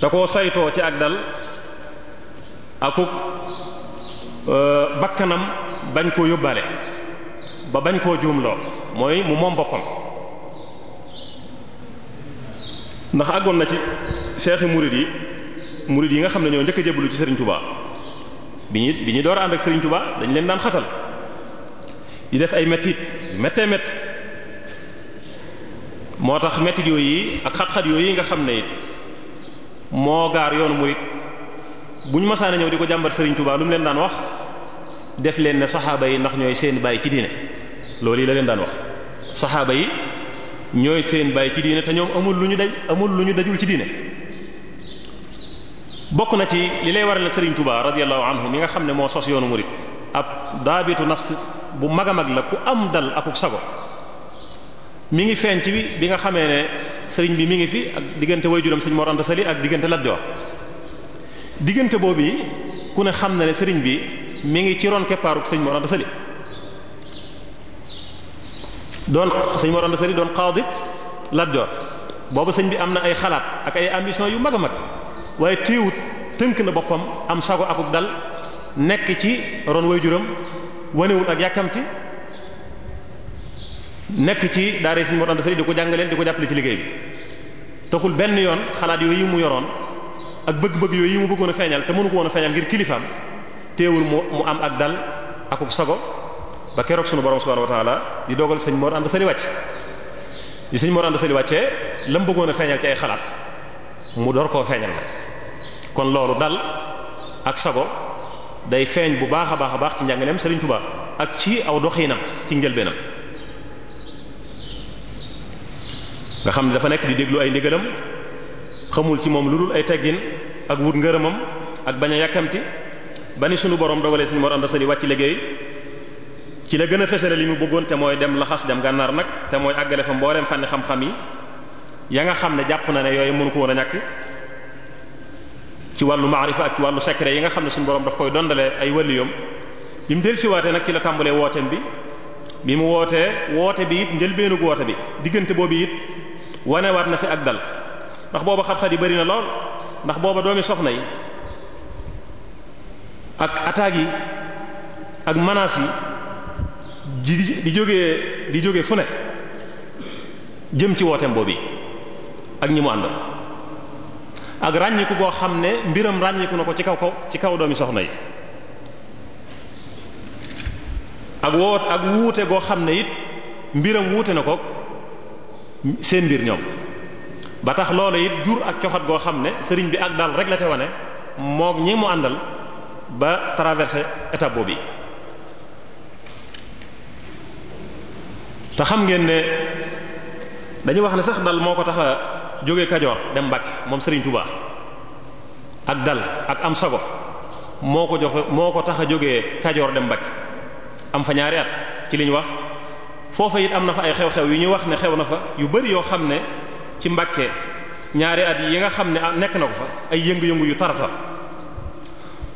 da koo saytoo ci ak dal akuk euh, bakkanam bañ koo yóbbaale ba bañ koo juumloo mooy mu moom boppam ndax àggoon na ci seexi murid yi murid yi nga xam ne ñoo njëkk a jébbalu ci Serigne Touba bi ñu bi ñu door a ànd ak Serigne Touba dañ leen daan xatal di def ay mettit méttee métt moo tax mettit yooyu yi ak xat-xat yooyu yi nga xam ne it moo gaar yoonu murit bu ñu masaana ñëw di ko jàmbat Serigne tubaa lu mu leen daan wax def leen ne saxaaba yi ndax ñooy seen baay ci diine loolu yi la leen daan wax saxaaba yi ñooy seen baay ci diine te ñoom amul lu ñu daj amul lu ñu dajul ci diine bokk na ci li lay waral Serigne Touba radiyallahu anhu mi nga xam ne moo sos yoonu murit ab daabitu nafs bu mag a mag la ku am dal akuk sago mi ngi feeñ ci bi nga xamee ne sëriñ bi mu ngi fi ak diggante waajuram sëñ Mor Anta Sali ak diggante Lat Joor diggante boobu yi ku ne xam na ne sëriñ bi mi ngi ci ron keppaaru sëñ Mor Anta doon sëñ Mor Anta Sali doon xaadi Lat Joor boobu sëñ bi am na ay xalaat ak ay ambition yu mag a mag waaye téewut tënk na boppam am sago akuk dal nekk ci ron waajuram wanewul ak yàkkamti nekk ci daara Sëriñ Mor Anta Sali di ko jàngaleen di ko jàppale ci liggéey bi taxul benn yoon xalaat yooyu mu yoroon ak bëgg-bëgg yooyu yi mu bëggoon a feeñal te mënu ko woon a feeñal ngir kilifaam teewul mu mu am ak dal akuk sago ba keroog sunu borom subhanahu wa di dogal Sëriñ Mor Anta Sali wàcc di Sëriñ Mor Anta Sali wàccee lam bëggoon a feeñal ci ay xalaat mu door koo feeñal la kon loolu dal ak sago day feeñ bu baax a baax a baax ci njàngaleem Sëriñ Tuubaa ak ci aw doxiinam ci njëlbeenam nga xam ne dafa nekk di déglu ay ndigalam xamul ci moom lu dul ay teggin ak wut ngërëmam ak bañ a yàkkamti ba ni sunu borom dogalee suñu mor ànda sali wàcc liggéey ci la gën a fesale li mu bëggoon te mooy dem laxas dem gànnaar nag te mooy àggale fa mbooleem fànni xam-xam yi ya nga xam ne jàpp na ne yooyu mënu ko woon a ñàkk ci wàllu maarifa ak wàllu secret yi nga xam ne suñu borom daf koy dondalee ay wàlliyoom bi mu dellusiwaatee nag ci la tàmbalee wooteem bi bi mu wootee woote bi it njëlbéenu bi diggante boobu it wanewaat na fi ak dal ndax booba xat-xat yi bari na lool ndax booba doomi soxna yi ak attaques yi ak manaas yi di di jóge di jóge fu ne jëm ci wooteem boobu ak ñi mu àndal ak ràññiku koo xam ne mbiram ràññiku na ko ci kaw kaw ci kaw doomi soxna yi ak woot ak wuute goo xam ne it mbiram wuute na ko seen mbir ñoom ba tax loolu it jur ak coxat goo xam ne sëriñ bi ak dal rek la te wane moo ñii mu àndal ba traversé étape bi te xam ngeen ne dañu wax ne sax dal moo ko tax a jóge Kajoor dem Mbàkke moom sëriñ Touba ak dal ak am sago moo ko jox moo ko tax a jóge Kajoor dem Mbàkke am fa ñaari at ci liñ wax foofa it am na fa ay xew-xew yu ñu wax ne xew na fa yu bari yoo xam ne ci Mbàkke ñaari at yi nga xam ne ah nekk na ko fa ay yëngu-yëngu yu taratar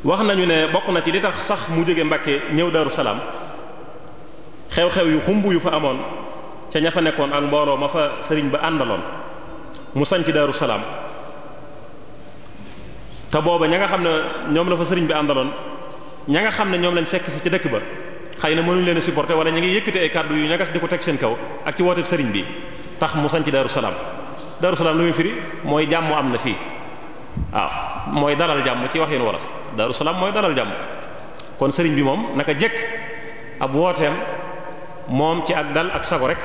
wax nañu ne bokk na ci li tax sax mu jóge Mbàkke ñëw Daaru Salaam xew-xew yu xumb yu fa amoon ca ña fa nekkoon ak mbooloo ma fa sëriñ ba àndaloon mu sañc Daaru Salaam te booba ña nga xam ne ñoom la fa sëriñ bi àndaloon ña nga xam ne ñoom lañ fekk si ca dëkk ba xëy na mënuñ leen a supporter wala ñu ngi yëkkati ay kàddu yu ñagas di ko teg seen kaw ak ci wooteeb sëriñ bi tax mu sañ ci Salaam Darou Salaam lu muy firi mooy jàmm am na fii waaw mooy dalal jàmm ci wax waxin wolof Darou Salaam mooy dalal jàmm kon sëriñ bi moom naka jekk ab wooteem moom ci ak dal ak sago rek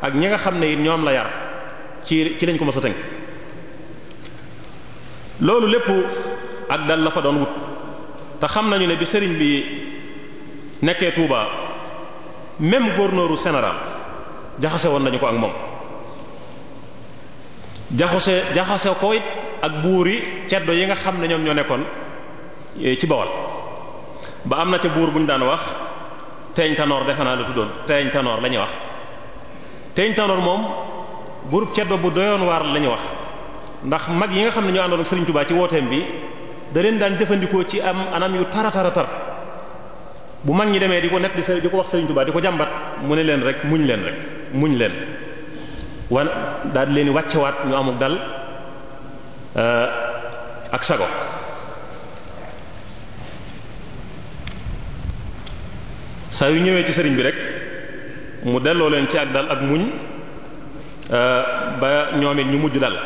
ak ñi nga xam ne it ñoom la yar ci ci lañ ko mës a tënk loolu lépp ak dal la doon wut te xam nañu ne bi sëriñ bi nekkee Touba même gouverneur général jaxase woon nañu ko ak moom jaxase jaxase ko it ak yi ceddo yi nga xam ne ñoom ñoo nekkoon e, ci Bawol ba am na ca buur bu ñu daan wax teeñ tanoor defe naa la tuddoon teeñ tanoor la wax teeñ tanoor moom buur ceddo bu doyoon waar la ñuy wax ndax mag yi nga xam ne ñoo àndoon ak Serigne Touba ci wooteem bi da leen daan jëfandikoo ci am anam yu tara tara tar bu mag ñi demee di ko nekk di di ko wax Serigne Touba di ko jàmbat mu ne leen rek muñ leen rek muñ leen wan daal di leen wàccewaat ñu amuk dal eh, ak sago saa yu ñëwee ci sëriñ bi rek mu delloo leen ci ak dal ak muñ eh, ba ñoom ñu mujj dal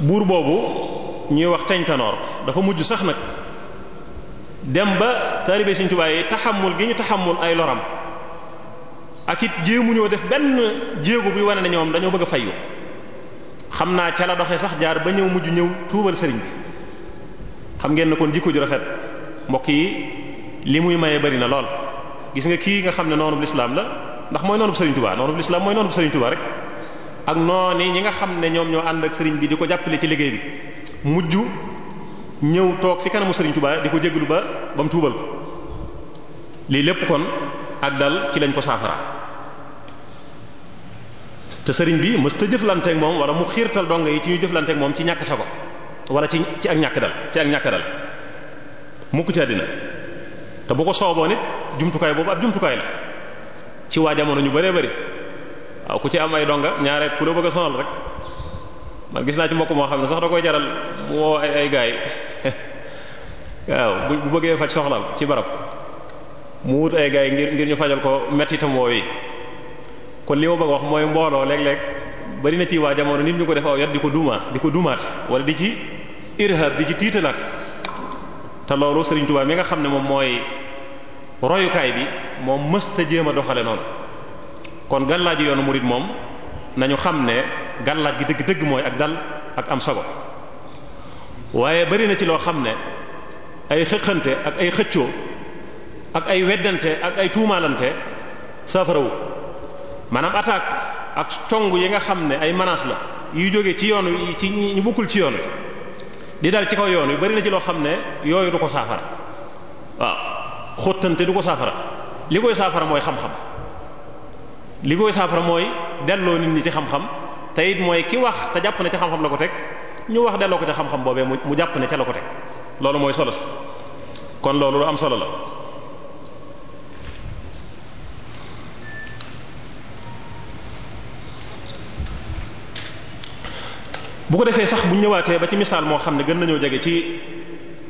buur boobu ñuy wax teñ tanoor dafa mujj sax nag dem ba taalibe Sëriñ Tuubaa yi taxamul gi ñu taxamul ay loram ak it jéemu ñoo def benn jéego bi wane ne ñoom dañoo bëgg a fayyu xam naa ca la doxee sax jaar ba ñëw mujj ñëw tuubal sëriñ bi xam ngeen ne kon jikko ju rafet mbokk yi li muy maye bari na lool gis nga kii nga xam ne noonu bu lislaam la ndax mooy noonu bu Sëriñ Tuubaa noonu bu lislaam mooy noonu bu Sëriñ Tuubaa rek ak noonu ñi nga xam ne ñoom ñoo ànd ak sëriñ bi di ko jàppale ci liggéey bi mujj ñëw toog fi kanamu Serigne Touba di ko jégalu ba ba mu tuubal ko lii lépp kon ak dal ci lañ ko saafara te sëriñ bi mës ta jëflanteeg moom wala mu xiirtal donga yi ci ñu jëflanteeg moom ci ñàkk sa ko wala ci ci ak ñàkk dal ci ak ñàkk dal mukk ci àddina te bu ko sooboo nit jumtukaay boobu ab jumtukaay la ci waa jamono ñu bëree bëri waaw ku ci am ay donga ñaare ku la bëgg sonal rek man gis naa ci mbokk moo xam ne sax da koy jaral woo ay ay gaay waaw bu bu bëggee faj soxlaam ci barab mu wut ay gaay ngir ngir ñu fajal ko mettitam wooyi kon li ma bëgg wax mooy mbooloo léeg lekk bari na ci waa jamono nit ñu ko def aw yat di ko duumaat di ko duumaat wala di ci irhab di ci tiitalaat te loolu Serigne Touba mi nga xam ne moom mooy royukaay bi moom mësta jéem a doxale noonu kon gàllaaj yoonu murid moom nañu xam ne gàllaaj gi dëgg-dëgg mooy ak dal ak am sago waaye bari ci loo xam ne ay xëqante ak ay xëccoo ak ay weddante ak ay tuumaalante saafarawu maanaam attaque ak cong yi nga xam ne ay manaas la yu jóge ci yoon wi ci ñu bukkul ci yoon wi di dal ci kaw yoon yu bari na ci loo xam ne yooyu du ko saafara waaw xottante du ko saafara li koy saafara mooy xam-xam li koy saafara mooy delloo nit ñi ci xam-xam te it mooy ki wax te jàpp na ci xam-xam la ko teg ñu wax delloo ko ca xam-xam boobee mu jàpp ne ca la ko teg loolu mooy solo si kon loolu lu am solo la bu ko defee sax bu ñëwaatee ba ci misaal moo xam ne gën nañoo jege ci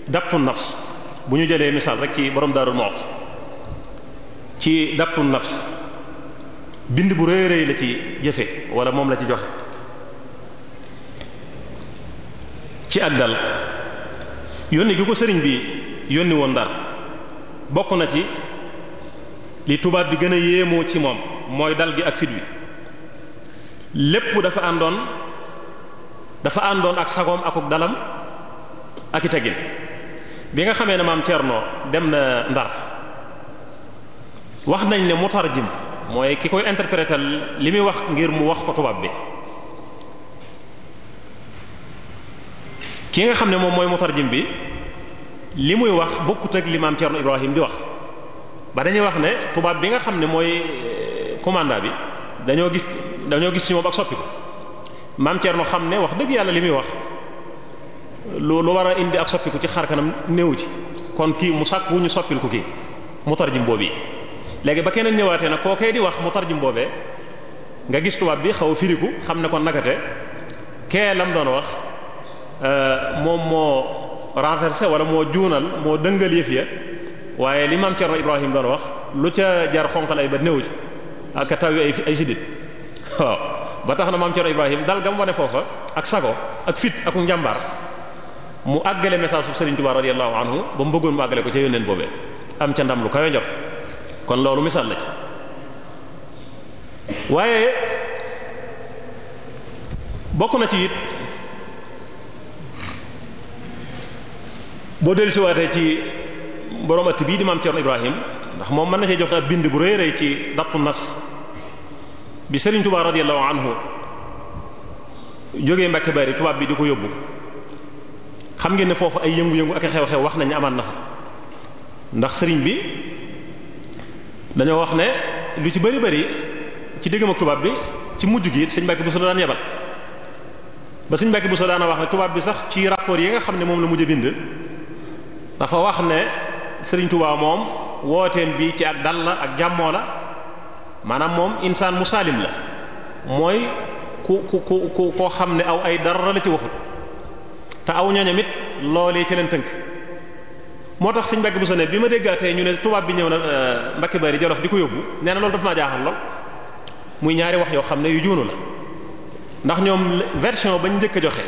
daptu nafs bu ñu jëlee misaal rek ci borom Darou Moukhty ci daptu nafs bind bu rëy rëy la ci jëfe wala moom la ci joxe ci ak dal yónni gi ko sëriñ bi yónni woon Ndar bokk na ci li tubaab bi gën a yéemoo ci moom mooy dal gi ak fit bi lépp dafa àndoon dafa àndoon ak sagoom akuk dalam ak i teggin bi nga xamee ne maam Thierno dem na Ndar wax nañ ne mutarjim mooy ki koy interpréter li muy wax ngir mu wax ko tubaab bi ki nga xam ne moom mooy mutarjim bi li muy wax bokkut ak limaam Thierno Ibrahim di wax ba dañuy wax ne tubaab bi nga xam ne mooy eh, commandant bi dañoo gis dañoo gis ci moom ak soppi ko maam Thierno xam ne wax dëgg yàlla li muy wax lu lu war a indi ak soppiku ci xar néewu ci kon kii mu sàkk wu ñu soppil ko kii mutarjim boobu léegi ba kenn ñëwaatee na koo kay di wax mutarjim boobee nga gis tubaab bi xaw firiku xam ne ko nakate kee lam doon wax. Euh, moom moo renversé wala moo juunal moo dëngal yëf ya waaye li maam Thierno Ibrahim doon wax lu ca jar xonqal ay ba néew ci ak taw yu ay ay waaw ba tax na maam Thierno Ibrahim dal gam wane foofa ak sago ak fit ak njàmbaar mu àggale message su Serigne Touba radiyallahu anhu ba mu bëggoon mu àggale ko ca yónneen boobee am ca ndam lu kawe njot kon loolu misaal la ci waaye bokk na ci it. boo dellu si waatee ci borom at bii di maam Thierno Ibrahim ndax moom mën na cee jox ab bind bu rëy rëy ci daptu nafs bi Serigne Touba radiyallahu anhu jógee Mbacke bari tubaab bi di ko yóbbu xam ngeen ne foofu ay yëngu-yëngu ak xew-xew wax nañ amaan na fa ndax sëriñ bi dañoo wax ne lu ci bari bari ci déggam ak tubaab bi ci mujj gi it sëñ Mbacke Bousso daan yebal ba sëñ Mbacke Bousso daan wax ne tubaab bi sax ci rapport yi nga xam ne moom la mujj bind. dafa wax ne sëriñ Touba moom wooteem bi ci ak dal la ak jàmmoo la maanaam moom insaan musaalim la mooy ku ku ku ku koo xam ne aw ay dara la ci waxut te aw ñooñam it loolee ci leen tënk. moo tax suñ mbàkk bu ne bi ma déggaatee ñu ne tubaab bi ñëw na euh, mbàkk bari jolof di ko yóbbu nee na loolu daf maa jaaxal muy ñaari wax yoo xam ne yu juunu la ndax ñoom version bañ njëkk a joxe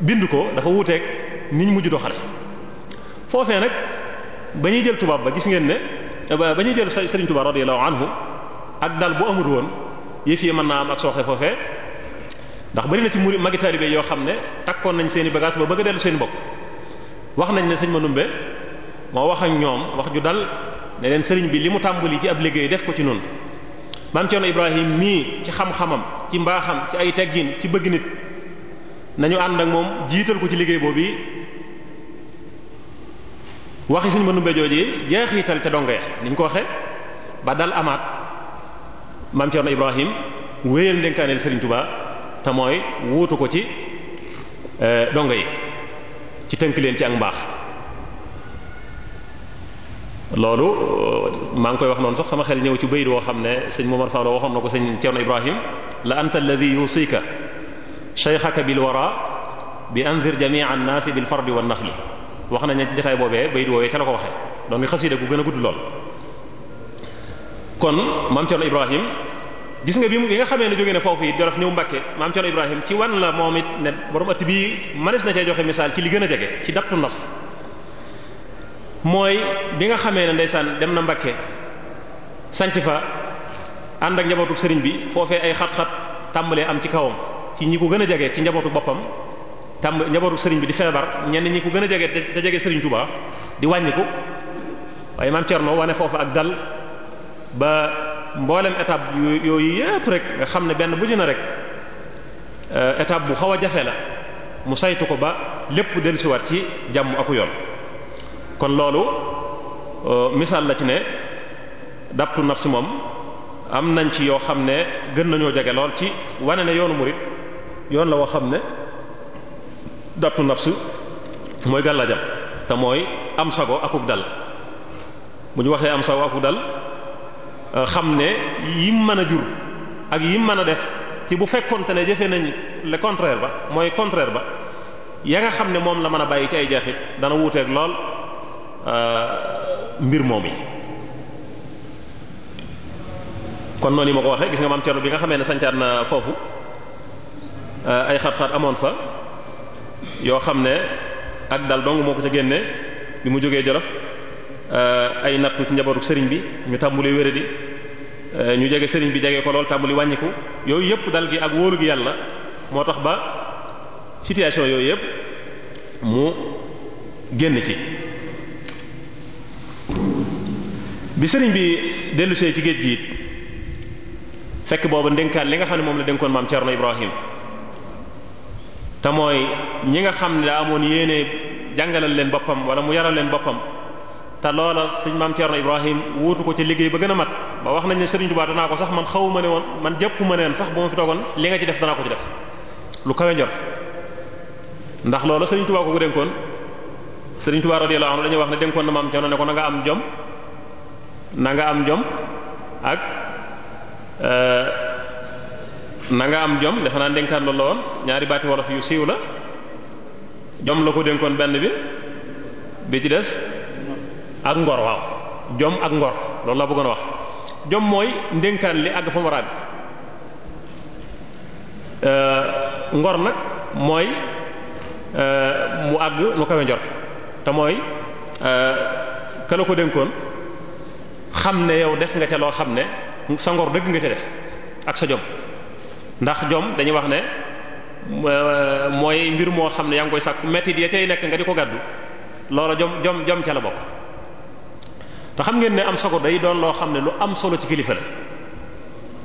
bind ko dafa wuuteeg niñ mujj doxale foofee nag ba ñuy jël tubaab ba gis ngeen ne ba ñuy jël Serigne Touba radiyallahu anhu ak dal bu amul woon yëf yi mën naa am ak sooxe foofee ndax bari na ci muri magi taalibe yoo xam ne takkoon nañ seen i bagage ba bëgg a dellu seen bopp wax nañ ne sëñ Manumbe moo wax ak ñoom wax ju dal ne leen sëriñ bi li mu tàmbali ci ab liggéey def ko ci noonu maam Thierno Ibrahim mii ci xam-xamam ci mbaaxam ci ay teggin ci bëgg nit nañu ànd ak moom jiital ko ci liggéey boobu waxi suñu mënu mbéjoo ji jeexital ca dongo ya ni ñu ko waxee ba dal amaat maam Thierno Ibrahim wéyal ndénkaaneel Serigne Touba te mooy wuutu ko ci e, dongo yi ci tënk leen ci ak mbaax. loolu maa ngi koy wax noonu sax sama xel ñëw ci bayit woo xam ne sëñ Momar Fallo waxoon na ko sëñ Thierno Ibrahim la anta alladhi yusika shaykhaka bil wara bi anzir jami'a bi nas bil fardi wan nafli wax nañ ne ci jotaay bay bayit woowee ca la ko waxee doon xasiida gu gën a gudd lool kon maam Thierno Ibrahim gis nga bi mu bi nga xamee ne jógee ne foofu it jolof ñëw Mbàkke maam Thierno Ibrahim ci wan la moom it ne borom ëtt bii mënees na cee joxe misaal ci li gën a jege ci daptu nafs mooy bi nga xamee ne ndeysaan dem na Mbàkke sanc fa ànd ak njabootu sëriñ bi foofee ay xat-xat tàmbalee am ci kawam ci ñi ko gën a jege ci njabootu boppam tàmb njabootu sëriñ bi di feebar ñenn ñi ko gën a jege te jege sëriñ Touba di wàññiku waaye maam Thierno wane foofu ak dal ba mboolem étape yooyu yépp rek nga xam ne benn bu ci na rek euh, étape bu xaw jafe la mu saytu ko ba lépp dellusiwaat ci jàmm aku yoon kon loolu euh, misaal la ci ne daptu si moom am nañ ci yoo xam ne gën nañoo jege lool ci wane ne yoonu murid yoon la woo xam ne. daptu nafs mooy gàllaajam te mooy am sago akuk dal bu ñu waxee am sago akuk dal euh, xam ne yim mën a jur ak yim mën a def ci bu fekkonte ne jëfee nañ le contraire ba mooy contraire ba ya nga xam ne moom la mën a bàyyi ci ay jeexit dana wuuteeg lool euh, mbir moom yi kon noonu yi ma ko waxee gis nga maam Thierno bi nga xamee ne sancaat na foofu euh, ay xat-xat amoon fa yoo xam ne ak dal dong moo ko ca génne bi mu jógee Jolof euh, ay nattu ci njabootu sëriñ bi ñu tàmbuli wéradi euh, ñu jege sëriñ bi jege ko lool tàmbuli wàññiku yooyu yëpp dal gi ak wóolu gi yàlla moo tax ba situation yooyu yëpp mu génn ci bi sëriñ bi dellusee ci géej giit it fekk booba ndénkaan li nga xam ne moom la dénkoon maam Thierno Ibrahim te mooy ñi nga xam ne daa amoon yéene jàngalal leen boppam wala mu yaral leen boppam te loola sëñ maam Thierno Ibrahim wuutu ko ci liggéey ba gën a mat ba wax nañ ne Serigne Touba danaa ko sax man xaw ma ne woon man jëpp ma neen sax bu ma fi toogoon li nga ci def danaa ko ci def lu kawe njor ndax loolu Serigne Touba ko ko dénkoon Serigne Touba radiyallahu anhu dañuy wax ne dénkoon na maam Thierno ne ko na nga am jom na am jom ak. Euh, nanga am jom defe naa dénkaan loolu la woon ñaari baati wolof yu siiw la jom la ko dénkoon benn bi bi ci des ak ngor waaw jom ak ngor loolu la bëggoon a wax jom mooy ndénkaan li àgg fa mu war a àgg euh, ngor nag mooy euh, mu àgg nu kawe njor te mooy euh, ka la ko dénkoon xam ne yow def nga ca loo xam ne sa ngor dëgg nga ca def ak sa jom ndax jom dañuy wax ne euh, mooy mbir moo xam ne yaa ngi koy sàkku mettit ya cay nekk nga di ko gàddu loola jom jom jom ca la bokk te xam ngeen ne am sago day doon loo xam ne lu am solo ci kilifa la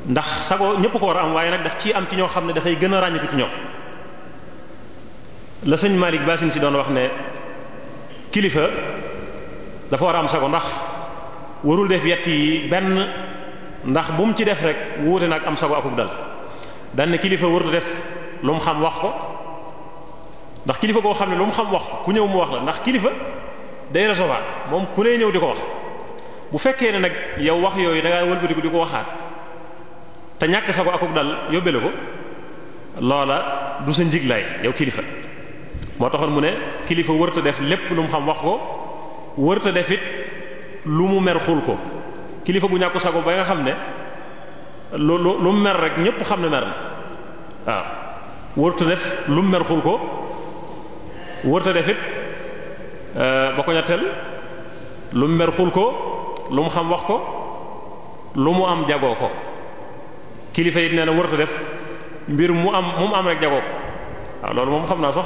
ndax sago ñëpp ko war a am waaye nag daf ci am ci ñoo xam ne dafay gën a ràññiku ci ñoom la sëñ Malick Bassine si doon wax ne kilifa dafa war a am sago ndax warul def yett yi benn ndax bu mu ci def rek wuute nag am sago akub dal daan kilifa wër def lu mu xam wax ko ndax kilifa koo xam ne lu mu xam wax ko ku ñëw mu wax la ndax kilifa day recevoir moom ku lay ñëw di ko wax bu fekkee ne nag yow wax yooyu da ngaa wëlbatiku di ko waxaat te ñàkk sa ko akuk dal yóbbe la ko loola du sa njiglaay yow kilifa moo taxoon mu ne kilifa wërta def lépp lu mu xam wax ko wërta def it lu mu mer xul ko kilifa gu ñàkku sago ba nga xam ne lu lu lu mer rek ñépp xam ne mer na waaw wërta def lu mer xul ko wërta def it euh, ba ko ñetteel lu mer xul ko lu mu xam wax ko lu mu am jagoo ko kilifa yit nee na wërta def mbir mu am mu mu am rek jagoo ko waaw loolu moom xam naa sax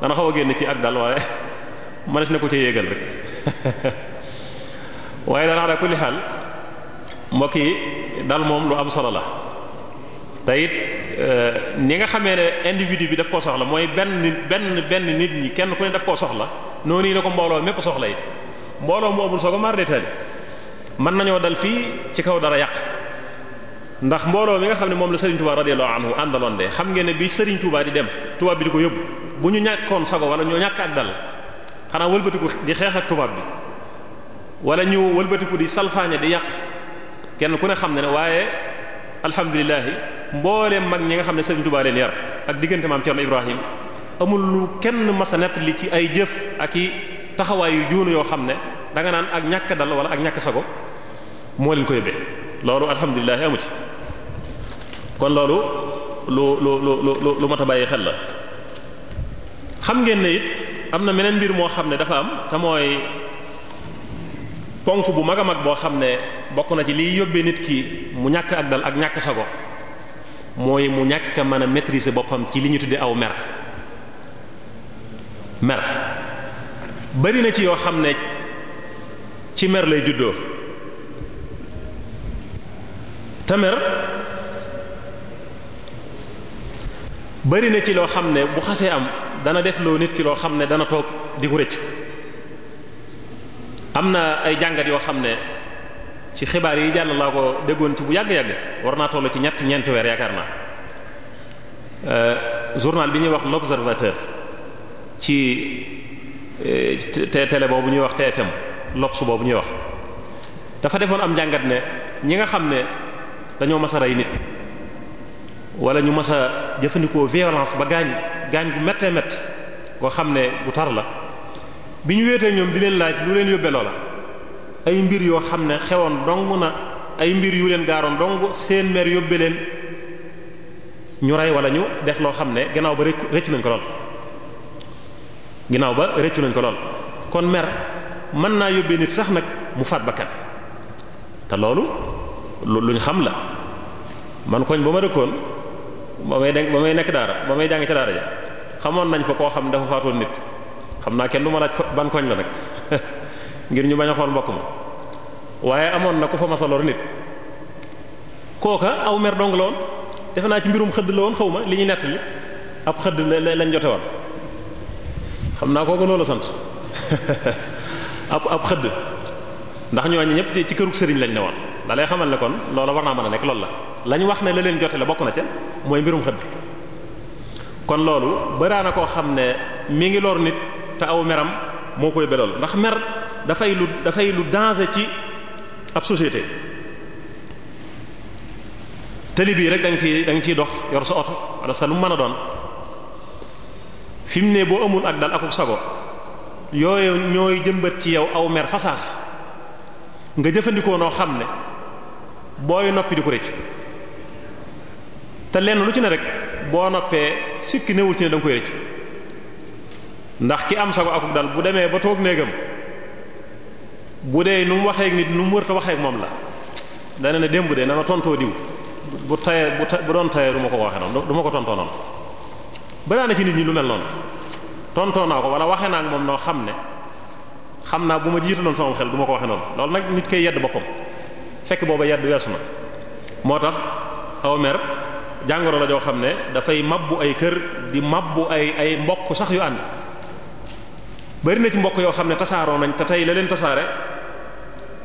dana xaw a génn ci ak dal waaye mënees na ko ca yéegal rek waaye daal ala kulli xaal mbokk yi dal moom lu am solo la te euh, ni nga xamee ne individu bi daf koo soxla mooy benn benn benn nit ñi kenn ku ne daf koo soxla noonu yi ne ko mbooloo mépp soxla it mbooloo mu amul soo ko mar détaali mën nañoo dal fii ci kaw dara yàq ndax mbooloo mi nga xam ne moom la Serigne Touba radiyallahu anhu àndaloon de xam ngeen ne bi Serigne Touba di dem tubaab bi di ko yóbbu bu ñu ñàkkoon sago wala ñu ñàkk ak dal xanaa wëlbatiku di xeex ak tubaab bi wala ñu wëlbatiku di salfaañe di yàq kenn ku ne xam ne ne waaye alhamdulilahi mbooleem mag ñi nga xam ne Serigne Touba leen yar ak diggante maam Thierno Ibrahim amul lu kenn masa nett li ci ay jëf ak i taxawaay juunu yoo xam ne danga naan ak ñàkk dal wala ak ñàkk sago moo leen ko yóbbee loolu alhamdulilahi amu ci kon loolu lu lu lu lu lu a bàyyi xel la xam ngeen ne am na meneen mbir moo xam ne dafa am te mooy ponk bu mag a mag boo xam ne bokk na ci liy yóbbee nit ki mu ñàkk ak dal ak ñàkk sa sago mooy mu ñàkk a mën a maîtriser boppam ci li ñu tuddee aw mer mer bari na ci yoo xam ne ci mer lay juddoo te mer bari na ci loo xam ne bu xasee am dana def loo nit ki loo xam ne dana toog di ko rëcc am na ay jàngat yoo xam ne ci xibaar yi jàll laa ko déggoon ci bu yàgg-yàgg war naa toll ci ñett ñeenti weer yaakaar naa euh, journal bi ñuy wax l'observateur ci te euh, télé boobu ñuy wax TFM lobs boobu ñuy wax dafa defoon am jàngat ne ñi nga xam ne dañoo mës a rey nit walla ñu mës a jëfandikoo violence ba gaañ gaañ gu méttee mett koo xam ne bu tar la bi ñu wéetee ñoom di leen laaj lu leen yóbbe loola ay mbir yoo xam ne xewoon dong na ay mbir yu leen gaaroon dong seen mer yóbbe leen ñu rey wala ñu def loo xam ne gannaaw ba rëccu nañ ko lool ginnaaw ba rëccu nañ ko lool kon mer mën naa yóbbee nit sax nag mu faat bakkan te loolu luñ xam la man koñ ba ma dëkkoon ba may ba may nekk daara ba may jàng ca daara ja xamoon nañ fa koo xam dafa faatoon nit xam naa kenn du ma laaj ban koñ la nag ngir ñu bañ a xool mbokk ma waaye amoon na ku fa masaloor nit kooka aw mer dong la woon defe naa ci mbirum xëdd la woon xaw ma li ñu nettali ab xëdd lañ jote woon xam naa kooka loola sant ab ab xëdd ndax ñooñu ñëpp ci kërug sëriñ lañ ne woon da lay loola war naa mën a nekk lool la lañ wax ne la leen jote la bokk na ca mooy mbirum xëdd kon loolu baraana koo xam ne mi ngi lor nit te aw meram moo koy belool ndax mer dafay lu dafay lu danger ci ab société tëli bii rek da nga ciy ciy dox yor sa oto wala sa lu mën a doon fi mu ne boo amul ak dal akuk sago yooyu ñooy jëmbat ci yow aw mer fasaasa nga jëfandikoo noo xam ne booy noppi di ko rëcc te lenn lu ci ne rek boo noppee sikki newul ci ne da koy rëcc ndax ki am sago akuk dal bu demee ba toog néegam bu dee nu mu waxee nit nu mu wër ta waxee moom la dana ne démb de na ma tontoo diw bu tayee bu bu doon tayee du ma ko waxee noonu du ma ko tontoo noonu banaa na ci nit ñi lu mel noonu tontoo naa ko wala waxee naa ak moom noo xam ne xam naa bu ma jiitaloon sama xel duma ko waxee noonu loolu nag nit koy yedd boppam fekk booba yedd weesu na moo tax aw mer jàngoro la joo xam ne dafay mabbu ay kër di mabbu ay ay mbokk sax yu ànd bari na ci mbokk yoo xam ne tasaaroo nañ te tey la leen tasaare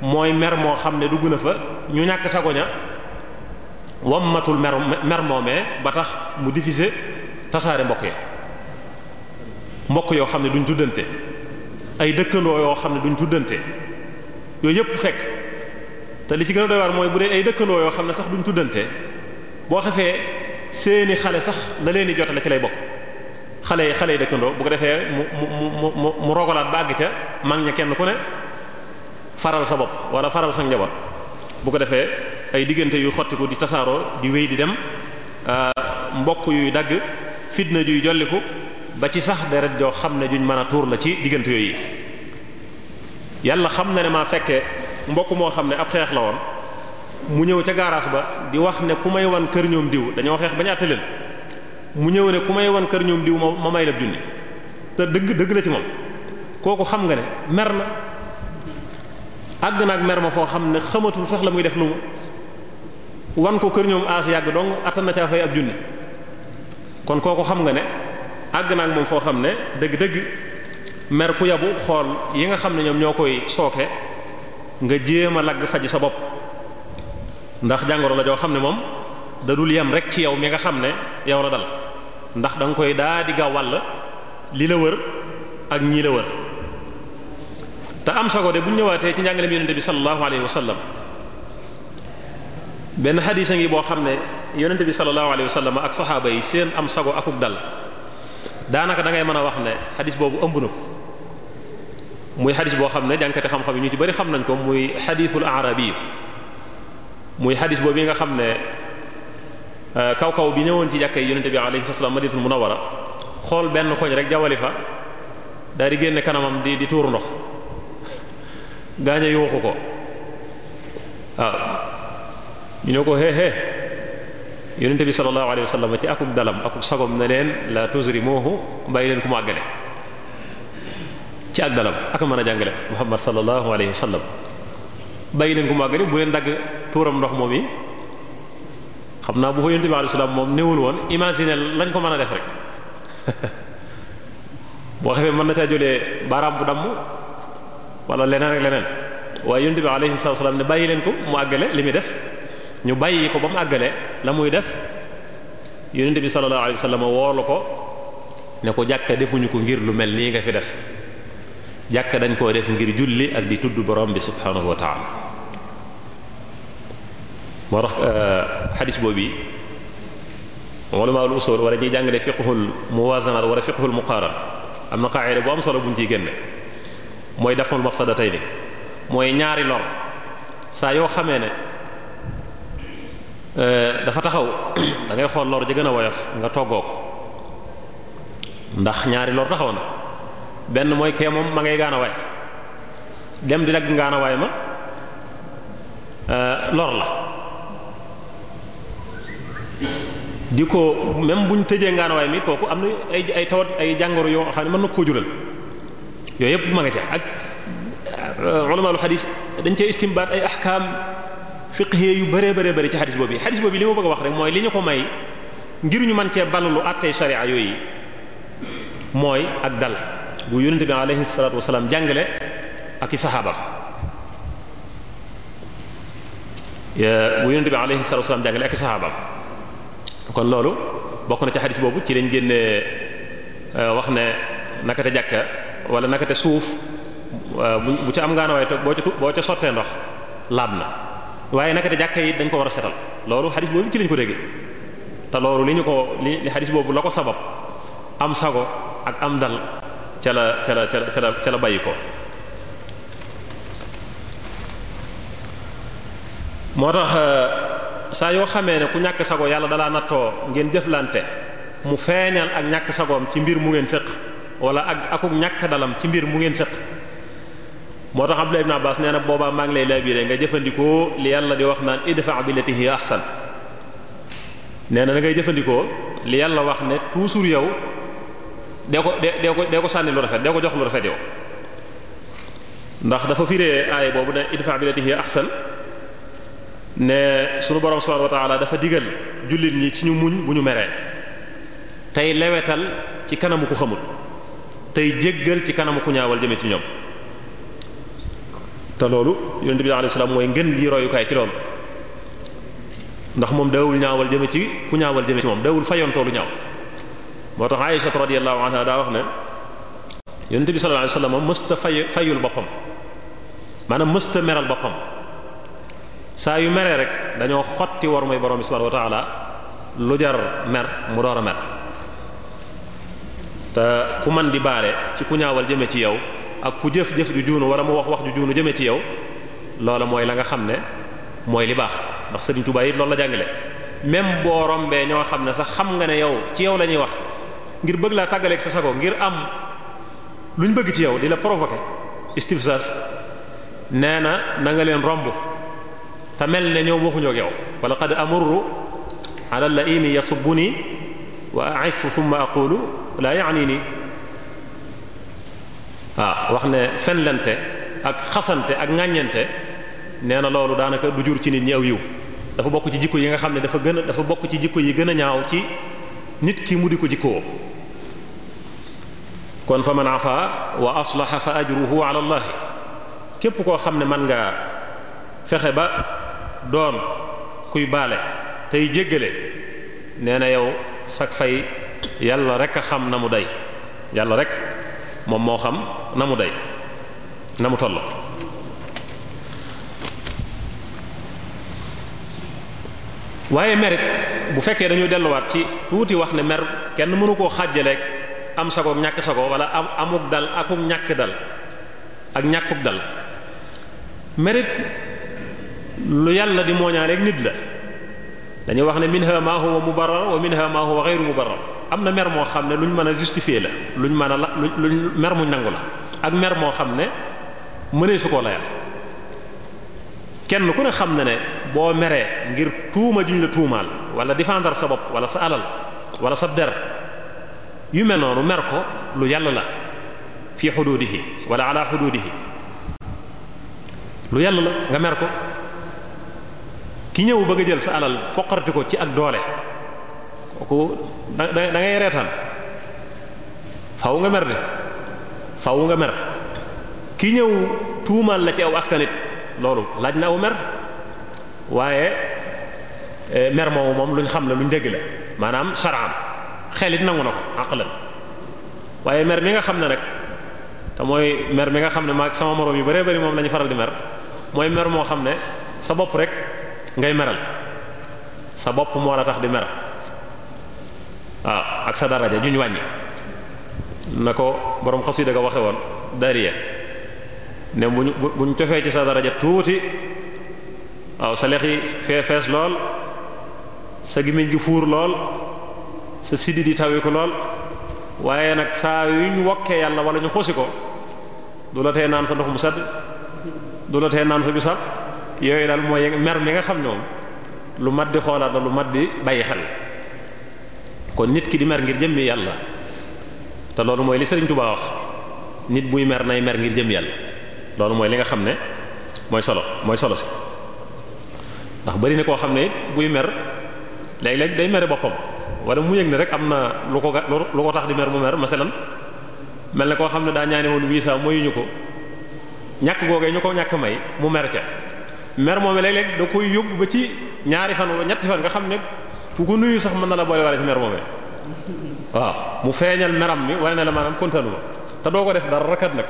mooy mer moo xam ne dugg na fa ñu ñàkk sagoña wammatul mer mer moomee ba tax mu diffuser tasaare mbokk ya mbokk yoo xam ne duñ tuddante ay dëkkandoo yoo xam ne duñ tuddante yooyu yëpp fekk te li ci gën a waar mooy bu dee ay dëkkandoo yoo xam ne sax duñu tuddante boo xefee seeni xale sax la leen di jot la ci lay bokk xale yi xale yi dëkkandoo bu ko defee mu mu mu mu mu rogalaat ba àgg ca mag ña kenn ku ne faral sa bopp wala faral sa njaboot bu ko defee ay diggante yu xottiku di tasaaroo di wéy di dem euh, mbokk yuy dagg fitna juy jolliku ba ci sax deret joo xam ne juñ mën a tuur la ci diggante yooyu yàlla xam na ne maa fekkee mbokk moo xam ne ab xeex la woon mu ñëw ca garage ba di wax ne ku may wan kër ñoom diw dañoo xeex bañ leen mu ñëw ne ku may wan kër ñoom diw ma may la junni te dëgg dëgg la ci moom kooku xam nga ne mer na àgg naag mer ma foo xam ne xamatul sax la muy def lu wan ko kër ñoom aas yàgg dong attan na caa fay ab junni kon kooku xam nga ne àgg naa naag moom foo xam ne dëgg-dëgg mer ku yabu xool yi nga xam ne ñoom ñoo koy sooke nga jéem a lagg faj sa bopp ndax jàngoro la joo xam ne moom dadul dul yem rek ci yow mi nga xam ne yow la dal ndax da nga koy daa di gaaw wàll lii la wër ak ñii la wër te am sago de bu ñëwaatee ci njàngaleem yonente bi sallallahu alayhi wa sallam benn xadiis a ngi boo xam ne yonente bi sallallahu alayhi wa sallam ak saxaaba yi seen am sago akuk dal daanaka da ngay mën a wax ne xadiis boobu ëmb na ko muy xadiis boo xam ne jànkate xam-xam yi ñu ci bari xam nañ ko muy xadiisul arabi muy xadiis boobu yi nga xam ne Euh, kaw kaw bi ñëwoon ci jàkka yi yonent bi alayhi salaam madinatul benn xoñ rek jawali fa daal di génne kanamam di di tuur ndox gaañe yuuxu ko ah. bi sallallahu alayhi wasallam ci akuk dalam akuk sagom ne leen la tuzrimuhu ci ak dalam mën a jàngale Muhammad sallallahu alayhi wasallam bàyyi bu leen dagg tuuram ndox moom yi xam naa bu fa yonent bi alayhi moom néewul woon imaginer lañ ko mën a def rek boo xefee mën na caa jëlee baaraam bu damm walla leneen ak leneen waaye yonent bi alayhi salaam ne bàyyi leen ko mu àggale li muy def ñu bàyyi ko ba mu àggale la muy def yonent bi sallallahu alayhi wasallam woolu ko ne ko jàkka defuñu ko ngir lu mel nii nga fi def jàkka dañ koo def ngir julli ak di tudd borom bi subhaanahu wa ta'ala moo tax euh, xadis boobu ulamaul usul wala ñuy jàngale fiqhul muwazanat wala fiqhul muqaaran am na qaayida bu am solo buñ ciy génne mooy daful mafsadatayni mooy ñaari lor saa yoo xamee ne euh, dafa taxaw dangay ngay xool lor ji gën a woyof nga toggoo ko ndax ñaari lor taxaw na benn mooy kee moom ma ngay gaanawaay dem di dagg gaanawaay ma euh, lor la di ko même bu ñu tëjee ngaanawaay mi kooku am na ay ay tawat ay jàngoro yoo xam ne mën na koo jural yooyu yëpp ma nga ca ak euh, ulama al xadis dañ cee istimbaat ay ahkaam yu bëree bëree bëri ci xadis boobu yi xadis boobu li ma bëgg a mooy li ñu ko may ngir ñu mën cee balalu àttee sharia yooyu mooy ak dal bu yonente bi alayhi salaatu wasalaam jàngale ak i saxaabam bu yonente bi alayhi salaatu wasalaam jàngale ak i saxaabam kon loolu bokk na ci xadis boobu ci lañ génnee euh, wax ne nakate jàkka wala nakate suuf euh, bu ca am ngaanawaay te boo ca boo ca sottee ndox laab na waaye nakate jàkka yi dañ ko war a setal loolu xadis boobu ci lañ ko dégg te loolu li ñu ko li xadis boobu la ko sabab am sago ak am dal ca la ca la ca la ca la bàyyi ko moo tax euh, saa yoo xamee ne ku ñàkk sago yàlla dalaa nattoo ngeen jëflante mu feeñal ak ñàkk sagoom ci mbir mu ngeen sëq wala ak akuk ñàkk dalam ci mbir mu ngeen sëq moo tax Abdullah naa baas nee na boobaa maa ngi lay laabiré nga jëfandikoo li yàlla di wax naan idfa billati hiya ahsan nee na da ngay jëfandikoo li yàlla wax ne toujours yow dee ko de de ko de ko sànni lu rafet de ko jox lu rafet yow ndax dafa firee aaya boobu ne idfa billati hiya ahsan ne sunu borom subhanahu wa ta'ala dafa digal jullit ñi ci ñu muñ bu ñu meree tey lewetal ci kanamu ku xamul tey jéggal ci kanamu ku ñaawal jëme ci ñoom te loolu yonent bi alayhi salaam mooy ngën gi royukaay ci loolu ndax moom dawul ñaawal jëme ci ku ñaawal jëme ci moom dawul fayoon toolu ñaaw moo tax Aisha radiyallahu anha daa wax ne yonent bi sallallahu alayhi wasallam mësta fay fayul boppam maanaam mësta meral boppam saa yu meree rek dañoo xotti war mooy borom bi subhanahu wa ta'ala lu jar mer mu door a mer te ku man di baale ci ku ñaawal jëme ci yow ak ku jëf jëf ju juunu wala mu wax wax ju juunu jëme ci yow loola mooy la nga xam ne mooy li baax ndax Serigne Touba yi loolu la jàngale même boo rombee ñoo xam ne sax xam nga ne yow ci yow la ñuy wax ngir bëgg laa tàggaleeg sa sago ngir am lu luñ bëgg ci yow di la provoquer istifsas nee na na nga leen romb te mel ne ñoom waxuñoo ak yow wala qad amurru ala laimi yasubbuni wa a'if thumma aqulu la ya'nini waaw ah, wax ne fenlante ak xasante ak ŋàññante nee na loolu daanaka du jur ci nit ñi aw yiw dafa bokk ci jikko yi nga xam ne dafa gën dafa bokk ci jikko yi gën a ñaaw ci nit ki mu di ko jikkoo kon fa man afa wa aslaha fa ajruhu ala allah képp koo xam ne man nga fexe ba doon kuy baale tey jéggale nee na yow sag fay yàlla rek a xam na mu day yàlla rek moom moo xam na mu day na mu toll waaye mer bu fekkee dañuy delluwaat ci tuuti wax ne mer kenn mënu koo xàjjaleek am sagook ñàkk sago wala am amuk dal akuk ñàkk dal ak ñàkkuk dal mer lu yàlla di mooñaane ak nit la dañu wax ne minha ma huwa mubarrar wa minha ma huwa ghayru mubarrar am na mer moo xam ne lu ñu mën a justifier la lu ñu mën a la luñ mer mu nangu la ak mer moo xam ne mënee su ko layal kenn ku ne xam na ne boo meree ngir tuuma juñ la tuumaal wala défendre sa bopp wala sa alal wala sa der yu mel noonu mer ko lu yàlla la fi xuduudihi wala ala xuduudihi lu yàlla nga mer ko ki ñëw bëgg a jël sa alal foqarti ko ci ak doole kooku da da ngay reetaan faw nga mer de faw nga mer ki ñëw tuumaal la ci aw askanit loolu laaj na aw mer waaye eh, mer moomu moom luñ xam la luñ dégg la maanaam saraam xelit nangu na ko àqlan waaye mer mi nga xam ne rek te mooy mer mi nga xam ne maag sama moroom yu bëree bëri moom lañu faral di mer mooy mer moo xam ne sa bopp rek ngay meral sa bopp moo la tax di meral waaw ak sa daraja juñ wàññi na ko boroom xasida ga waxe woon dariya ne buñ buñ cofee ci sa daraja tuuti waaw sa lex yi fees lool sa gimiñ gi fuur lool sa siddi di tawiku lool waaye nag saa yuñ wokkee yàlla wala ñu xosi ko du la tee naan sa ndox mu sedd du la tee naan sa bisab yooyu daal mooy mer mi nga xam ne moom lu mat di xoolaat la lu mat di bàyyi xel kon nit ki di mer ngir jëmmi yàlla te loolu mooy li Sëriñ Tuubaa wax nit buy mer nay mer ngir jëmmi yàlla loolu mooy li nga xam ne mooy solo mooy solo si ndax bari na koo xam ne buy mer léeg-léeg day mere boppam wala mu yëg ne rek am na lu ko lu ko tax di mer mu mer masalan mel ne koo xam ne daa ñaane woon yu ñu ko ñàkk googee ñu ko ñàkk may mu mer ca mer moom léeg-léeg da koy yóbbu ba ci ñaari fan ñetti fan nga xam ne ku ko nuyu sax mën na la boole wala ci mer moom waaw mu feeñal meram mi wane ne la maanaam kontaanu ma te doo ko def dara rakat nag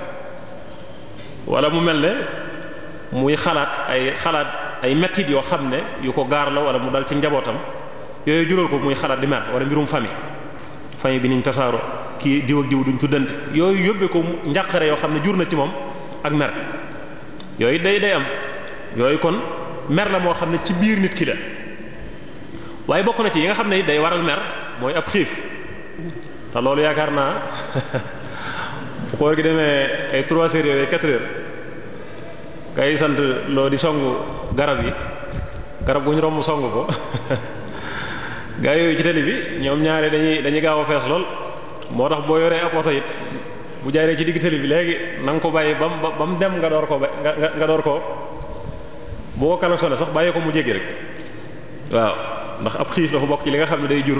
wala mu mel ne muy xalaat ay xalaat ay mettit yoo xam ne yu ko gaar la wala mu dal ci njabootam yooyu jural ko muy xalaat di mer wala mbirum famille famille bi niñ tasaaroo kii diw ak diw duñ tuddante yooyu yóbbe ko njàqare yoo xam ne jur na ci moom ak mer yooyu yooyu kon mer la moo xam ne ci biir nit ki la waaye bokk na ci yi nga xam ne day waral mer mooy ab xiif te loolu yaakaar naa fu koor gi demee ay trois heures yooyu quatre heures ngay sant loo di songu garab yi garab gu ñu romb songu ko gaa yooyu ci tali bi ñoom ñaare dañuy dañuy gaaw a fees lool moo tax boo yoree ab oto it bu jaaree ci digg tali bi léegi na nga ko bàyyi ba mu ba mu dem nga door ko nga nga door ko boo ko klaxonné sax bàyyee ko mu jéggi rek waaw ndax ab xiif dafa bokk ci li nga xam ne day jur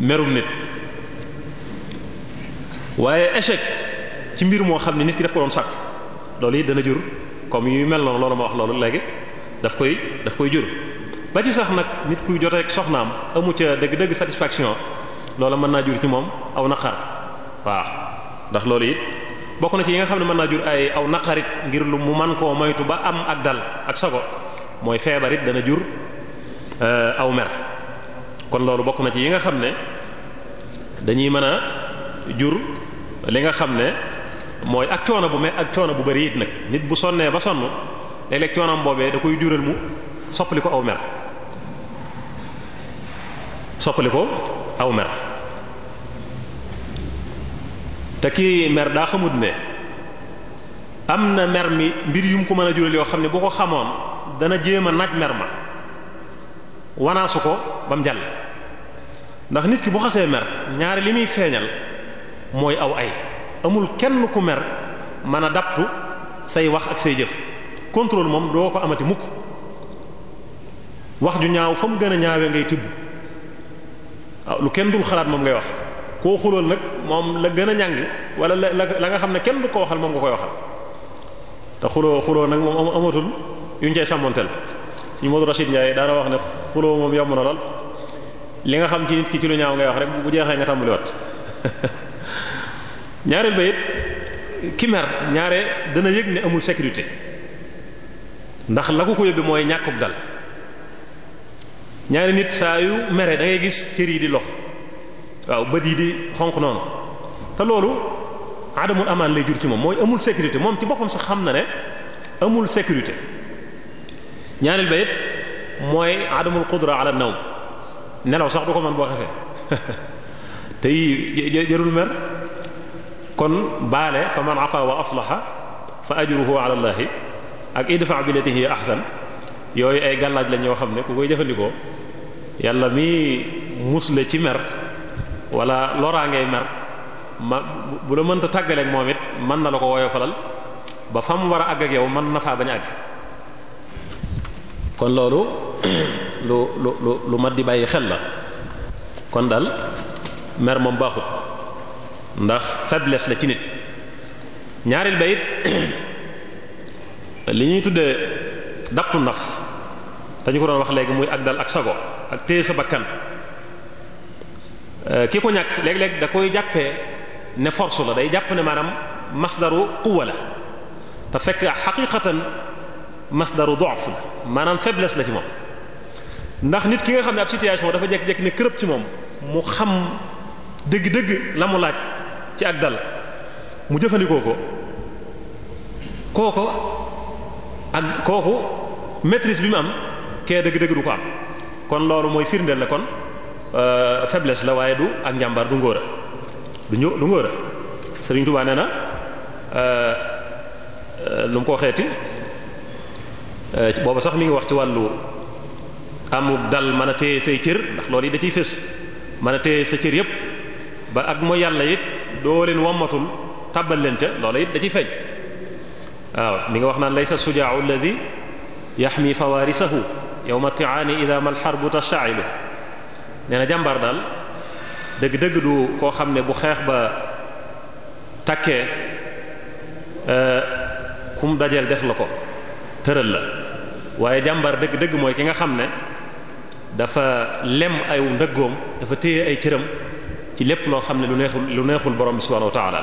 merum nit waaye échec ci mbir moo xam ne nit ki daf ko doon sàkk loolu it dana jur comme yu mel noonu loolu ma wax loolu léegi daf koy daf koy jur ba ci sax nag nit kuy joteeg soxnaam amu ca dëgg-dëgg satisfaction loola mën naa jur ci moom aw naqar waaw ndax loolu it bokk na ci yi nga xam ne mën naa jur ay aw naqarit ngir lu mu man koo moytu ba am ak dal ak sago mooy feebarit dana jur euh, aw mer kon loolu bokk na ci yi nga xam ne dañuy mën a jur li nga xam ne mooy ak coono bu me ak coono bu bari yit nag nit bu sonnee ba sonn léeg-léeg boobee da koy jural mu soppali ko aw mer soppali ko aw mer te kii mer daa xamut ne am na mer mi mbir yu mu ko mën a jural yoo xam ne boo ko xamoon dana jéem a naaj mer ma wanaasu ko ba mu jàll ndax nit ki bu xasee mer ñaari li muy feeñal mooy aw ay amul kenn ku mer mën a daptu say wax ak say jëf contrôle moom doo ko amati mukk wax ju ñaaw fa mu gën a ñaawee ngay tibb ah, lu kenn dul xalaat moom ngay wax koo xulool nag moom la gën a ñàng wala la la nga xam ne kenn du ko waxal moom nga koy waxal te xuloo xuloo nag moom amatul yu ñu cay sàmmoonteel suñu Modou Rachid daana wax ne xuloo moom yomb na lool li nga xam ci nit ki ci lu ñaaw ngay wax rek bu jeexee nga tàmbali wat ñaareel ba it ki mer ñaare dana yëg ne amul sécurité ndax la ko ko yóbbe mooy ñàkkub dal ñaari nit saa yu mere dangay gis cër yi di lox waaw bët yi di xonq noonu te loolu adamul amaan lay jur ci moom mooy amul sécurité moom ci boppam sax xam na ne amul sécurité ñaareel ba it mooy adamul qudra ala nawm nelaw sax du ko mën boo xefee te yi jërul mer kon baale fa man afa wa aslaha fa ajruhu ala allahi ak idfa billati hiya ahsan yooyu ay gàllaaj lañ yoo xam ne ku koy jëfandikoo yàlla mi mus la ci mer wala loraa ngay mer ma bu la mënta tàggaleeg moom it mën na la ko woyofalal ba fa mu war a àgg ak yow mën na faa bañ a kon loolu lu lu lu mat di bàyyi xel la kon dal mer moom baaxut ndax faiblesse la ci nit ñaareel ba it li ñuy tuddee daptu nafs dañu ko doon wax léegi muy ak dal ak sago ak téye sa bakkan Euh, ki ko ñàkk léeg-léeg da koy jàppee ne force la day jàpp ne maanaam masdaru quwwa la te fekk xaqiqatan masdaru du'f la maanaam faiblesse la ci moom ndax nit ki nga xam ne ab situation dafa jekk-jekk ne kërëb ci moom mu xam dégg dëgg la mu laaj ci ak dal mu jëfandikoo ko kooko ak kooku maîtrise bi mu am kee dëgg-dëgg du ko am kon loolu mooy firndeel la kon Euh, faiblesse la waaye du ak njàmbaar du ngóora du ñu du ngóora Serigne Touba nee na euh, lu mu ko waxeeti euh, booba sax mi ngi wax ci wàllu amu dal mën a téye say cër ndax loolu yi da ciy fés mën a téye sa cër yépp ba ak moo yàlla it doole leen wammatul tàbbal leen ca loola it da ciy feeñ waaw mi nga wax naan laysa sujaa'u alladhi yahmi fawarisahu yawma ti'ani idha mal harbu tashta'ilu nee na jàmbaar daal dëgg-dëgg du koo xam ne bu xeex ba takkee euh, kum dajeel def la ko tëral la waaye jàmbaar dëgg-dëgg mooy ki nga xam ne dafa lem ay ndëggoom dafa téye ay cëram ci lépp loo xam ne lu neexul lu neexul borom bi subhanahu wa ta'ala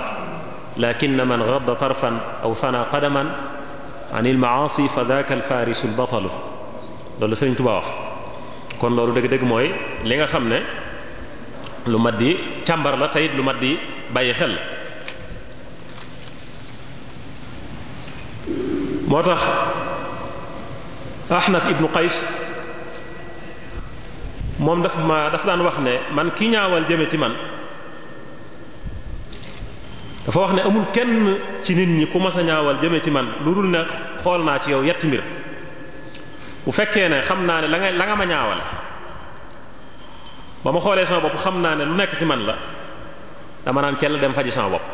lakin man ghadda tarfan aw fana qadaman an al ma'asi fa dhaka al farisu al batalu loolu kon loolu dégg dégg mooy li nga xam ne lu mat di càmbar la teyit lu mat di bàyyi xel moo tax Ahnaf ibnu Qays moom daf ma daf daan wax ne man ki ñaawal jëme ci man dafa wax ne amul kenn ci nit ñi ku mas ñaawal jëme ci man lu dul ne xool naa ci yow yetti mbir bu fekkee ne xam naa ne la nga la nga ma ba ma xoolee sama bopp xam naa ne lu nekk ci man la dama naan kell dem faji sama bopp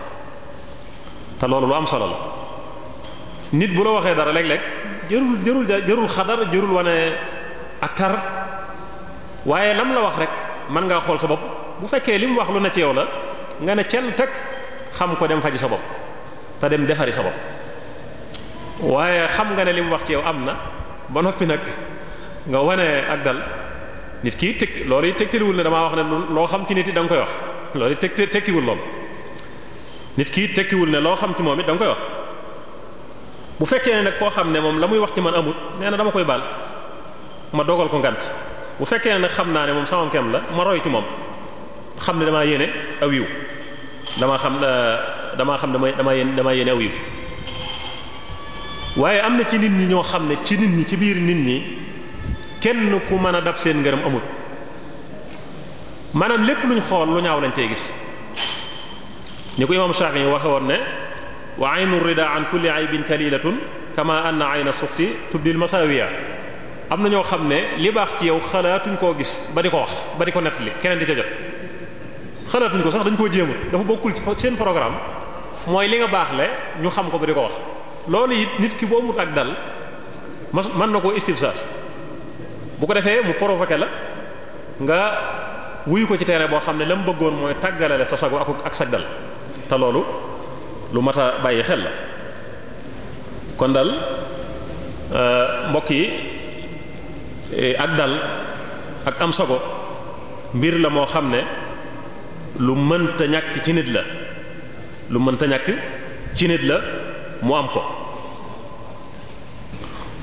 te loolu lu am solo la nit bu la waxee dara léeg-léeg jërul jërul jërul xadar jërul wane ak tar waaye lam la wax rek mën ngaa xool sa bopp bu fekkee li mu wax lu ne ci yow la nga ne cell teg xam ko dem faji sa bopp te dem defari sa bopp waaye xam nga ne li mu wax ci yow am na ba noppi nag nga wane ak dal nit kii teg loolu yi tegtaliwul ne damaa wax ne loo xam ci nit yi da koy wax loolu yi tekkiwul lool nit kii tekkiwul ne loo xam ci moom it danga koy wax bu fekkee ne koo xam ne moom la muy wax ci man amut nee na dama koy baal ma dogal ko ngant bu fekkee ne nag xam naa ne moom sama kem la ma roy moom xam ne dama yéene aw yiw dama xam damaa xam dama eh, damaa yéene damaa yéene aw waaye am na ci nit ñi ñoo xam ne ci nit ñi ci biir nit ñi kenn ku mën a dab seen ngërëm amut maanaam lépp luñ xool lu ñaaw lañ cee gis ñu ko imaam Shafi'i waxe woon ne wa aynu rida an kulli aybin kalilatun kama anna ayna suxti am na ñoo xam ne li baax ci yow xalaatuñ koo gis ba di ko wax ba di ko nettali keneen di ca jot xalaatuñ ko sax dañ koo jéemut dafa bokkul ci seen programme mooy li nga baax le ñu xam ko ba di ko wax loolu it nit ki boo mut ak dal mas mën na koo istifsaas bu ko defee mu provoqué la nga wuyu ko ci terrain boo xam ne la bëggoon mooy tàggalale sa sago ak ak sag dal te loolu lu mat a bàyyi xel la kon dal euh, mbokk yi eh, ak dal ak am sago mbir la moo xam ne lu mënta ñàkk ci nit la lu mënta ñàkk ci nit la mu am ko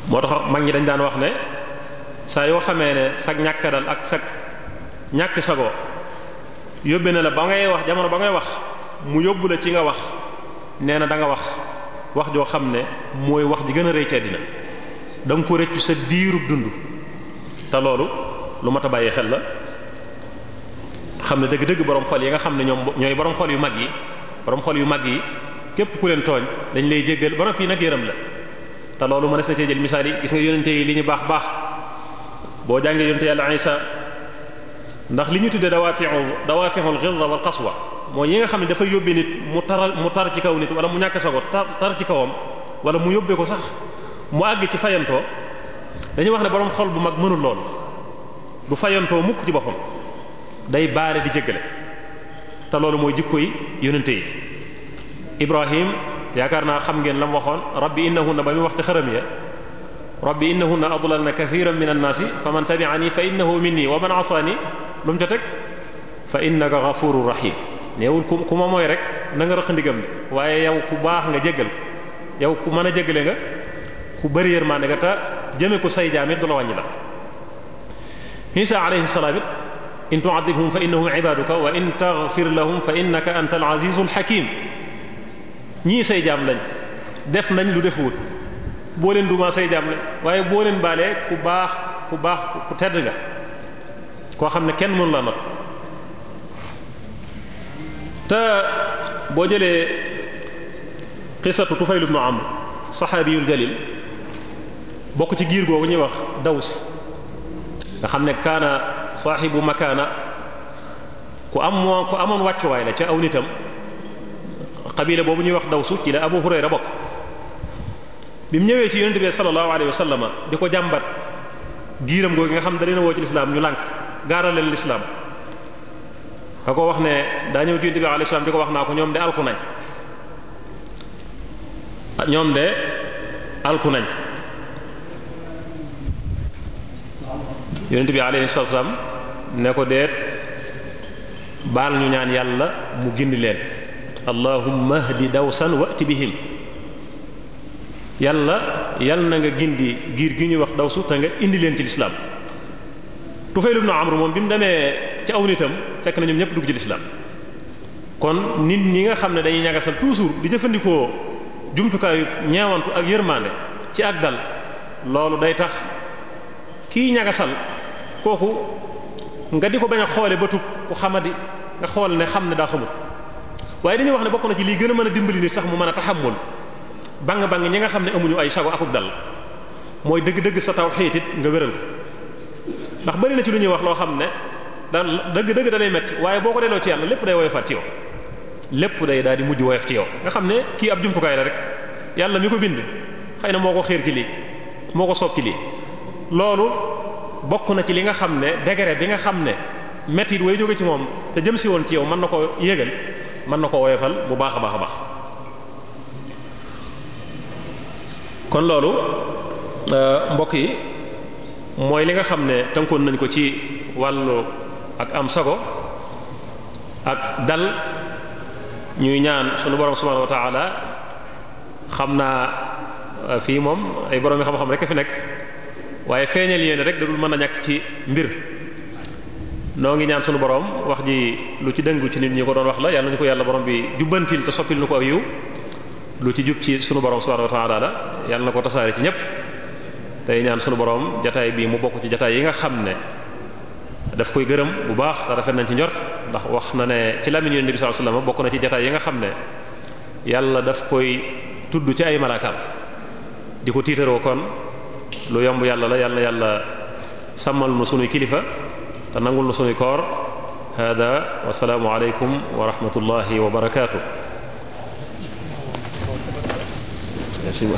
moo tax mag ñi dañ daan wax ne saa yoo xamee ne sag ñàkk dal ak sag ñàkk sagoo yóbbe na la ba ngay wax jamono ba ngay wax mu yóbbu la ci nga wax nee na danga wax wax joo xam ne mooy wax ji gën a rëy ci àddina da ko rëccu sa diirub dund te loolu lu mat a bàyyi xel la xam ne dëgg-dëgg borom xol yi nga xam ne ñoom ñooy borom xol yu mag yi borom xol yu mag yi képp ku leen tooñ dañ lay jéggal ba noppi nag yërëm la te loolu mën mënees na cee jël misaal yi gis nga yonente yi li ñu baax baax boo jàngee yonente yàlla Isa ndax li ñu tuddee dawaa dawaafixul ghilza wal qaswa mooy yi nga xam ne dafa yóbbee nit mu taral mu tar ci kaw nit wala mu ñàkk sago tar ci kawam wala mu yóbbee ko sax mu àgg ci fayantoo dañuy wax ne borom xol bu mag mënul loolu du fayantoo mukk ci boppam day baare di jéggale te loolu mooy jikko yi yonente yi ibrahim yaakaar naa xam ngeen la mu waxoon rabbi innahunna ba muy wax ci a ya rabbi innahunna adlalna kathiran min annaasi faman tabi'ani fa innahu minni wa man asaani lu mu ca teg fa innaka ghafurur rahim neewul ku ku ma mooy rek na nga rëq ndigam waaye yow ku baax nga jéggal ko yow ku mën a jéggale nga ku bëri yërmaande nga te jëme ko say jaam it du la wàññi dara Isa alayhi salaam it in tu'adhibhum fa innahum ibaduka wa in taghfir lahum fa innaka antal azizul hakim ñii say jaam lañ def nañ lu defuwut boo leen duma say jaam lañ waaye boo leen baale ku baax ku baax ku tedd nga koo xam ne kenn mënu la not te boo jëlee xisatu Tufayl ibn Amr saxaabiyul jalil bokk ci giir googu ñuy wax Daws nga xam ne kaana saaxibu makaana ku am moo ku amoon wàccuwaay la ca aw nitam xabila boobu ñuy wax dawsu ci la Abu Hurayra bokk bi mu ñëwee ci yonent bi sallallahu alayhi wa sallam di ko jàmbat giiram googu nga xam da leen woo ci lislaam ñu lànk gaaral leen lislaam ka ko wax ne daa ñëw ci yonent bi alayhi salaam di ko wax naa ko ñoom de alku nañ ah, ñoom de alku nañ yonent bi alayhi salaam ne ko deet baal ñu ñaan yàlla mu gindi leen allahumma hdi dawsan wati bihim yàlla yal na nga gindi giir gi ñuy wax dawsu te nga indi leen ci lislaam Tufayl ibn Amr moom bi mu demee ci aw nitam fekk nañu ñoom ñëpp dugg ci lislaam kon nit ñi nga xam ne dañuy ñagasal toujours di jëfandikoo jumtukaayu ñeewantu ak yërmande ci ak dal loolu day tax kii ñagasal kooku nga di ko bañ a xoole ba tub ku xamadi nga xool ne xam ne daa xamut waaye dañuy wax ne bokk na ci lii gën a mën a dimbali nit sax mu mën a taxamul bang bang ñi nga xam ne amuñu ay sago akub dal mooy dëgg-dëgg sa tawhid it nga wéral ko ndax bari na ci lu ñuy wax loo xam ne dan dëgg-dëgg da lay waaye boo ko delloo ci yàlla lépp day woyofar ci yow lépp day daal di mujj woyof ci yow nga xam ne kii ab jumtukaay la rek yàlla mi ko bind xëy na moo ko xéer ci lii moo ko soob ci lii loolu bokk na ci li nga xam ne degré bi nga xam ne metti it way jóge ci moom te jëm si woon ci yow mën na ko yégal mën na ko woyofal bu baax a baax a baax kon loolu euh, mbokk yi mooy li nga xam ne tënkoon nañ ko ci wàllu ak am sago ak dal ñuy ñaan sunu borom subhanahu wa xam naa euh, fii moom ay borom yi xam-xam rek a fi nekk waaye feeñal yéen rek da dul mën a ñàkk ci mbir. noo ngi ñaan sunu boroom wax ji lu ci dëngu ci nit ñi ko doon wax la yàlla nañu ko yàlla borom bi jubbantil te soppil nu ko aw yiw lu ci jub ci sunu borom subhanahu wa la na ko tasaare ci ñépp tey ñaan sunu borom jataay bii mu bokk ci jataay yi nga xam ne daf koy gërëm bu baax rafet nañ ci njort ndax wax na ne ci làmmiñu Nabi sallallahu bokk na ci jataay yi nga xam ne yàlla daf koy tudd ci ay di ko tiitaroo lu yomb yàlla la yàlla na yàlla sàmmal nu sunuy kilifa te nangul nu suñu koor hada wasalaamu aleykum wa rahmatullahi wa barakaatu Merci.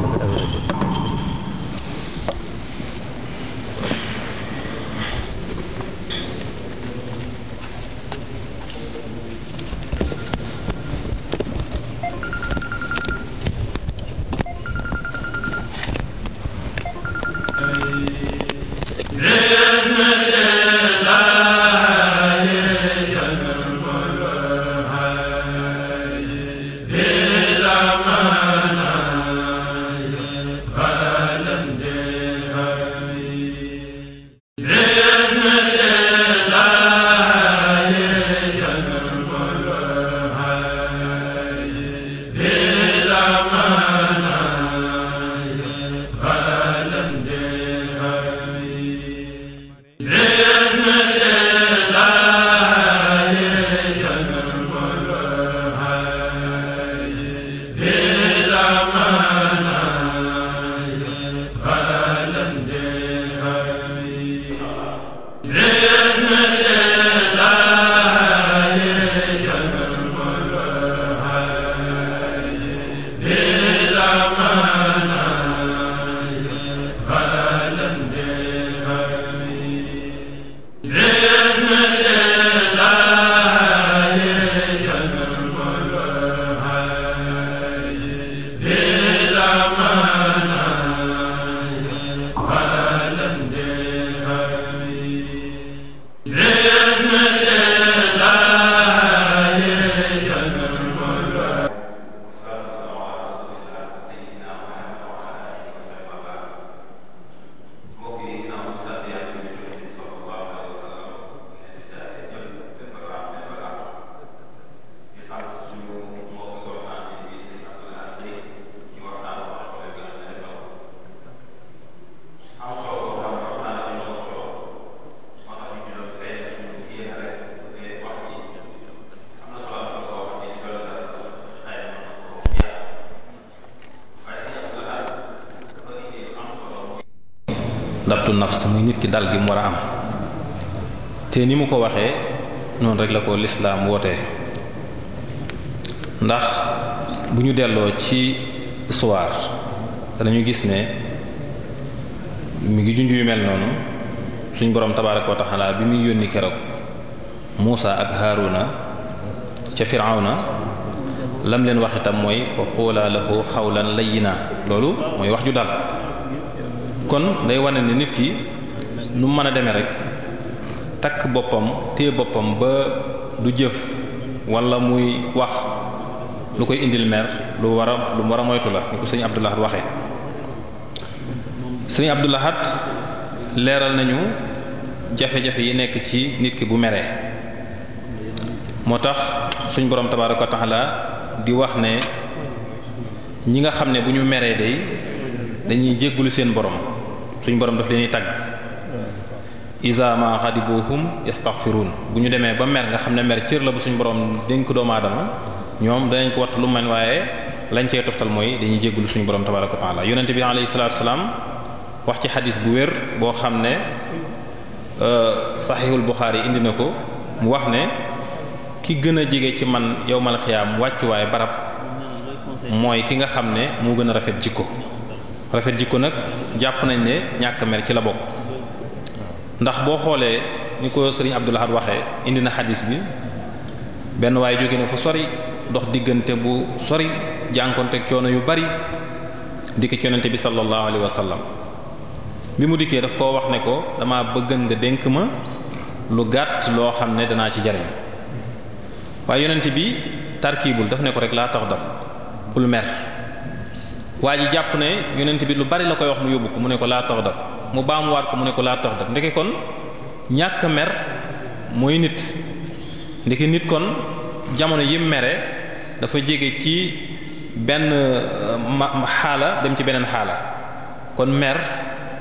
te ni mu ko waxee noonu rek la ko lislaam wootee ndax bu ñu delloo ci histoire danañu gis ne mi ngi junj yu mel noonu suñ borom tabaaraka wa taala bi muy yónni keroog Muusa ak Haaruna ca Firawna lam leen wax itam mooy fa xuulaa la xawlan layyina loolu mooy wax ju dal kon day wane ne nit ki nu mën a demee rek takk boppam téye boppam ba du jëf walla muy wax lu koy indil mer lu war lu war a moytu la ni ko sëñ Abdou Lahad waxee sëñ Abdou Lahad leeral nañu jafe-jafe yi nekk ci nit ki bu meree moo tax suñu borom tabaaraka wa ta'ala di wax ne ñi nga xam ne bu ñu meree day dañuy jéggulu seen borom suñu borom daf leen di tagg isa ma xadibuhum yastaghfirun bu ñu demee ba mer nga xam ne mer cër la bu suñu borom dénk doomu aadama ñoom danañ ko wattu lu mel waaye lañ cee toftal mooy dañuy jéggulu suñu borom tabaraka wa taala yonente bi alayhi salatu wasalaam wax ci xadis bu wér boo xam ne euh, saxiixul Buxaari indi na ko mu wax ne ki gën a jege ci man yowmal xiyaam wàccuwaay barab mooy ki nga xam ne moo gën a rafet jikko rafet jikko nag jàpp nañ ne ñàkk mer ci la bokk ndax boo xoolee ni ko sëriñ Abdou Lahad waxee indi na xadis bi benn waaye jóge na fu sori dox diggante bu sori jànkonteeg coono yu bari dikk ci yonent bi sallallahu alayhi wa sallam bi mu dikkee daf koo wax ne ko dama bëgg nga dénk ma lu gàtt loo xam ne danaa ci jariñ waaye yonent bi tarkiibul daf ne ko rek laa tax dab bul mer waa ji jàpp ne yonent bi lu bari la koy wax mu yóbbu ko mu ne ko laa tax dab mu baamuwaat ko mu ne ko laa tax da ndeke kon ñàkk mer mooy nit ndeke nit kon jamono yim mere dafa jege ci benn euh, xaala dem ci beneen xaala kon mer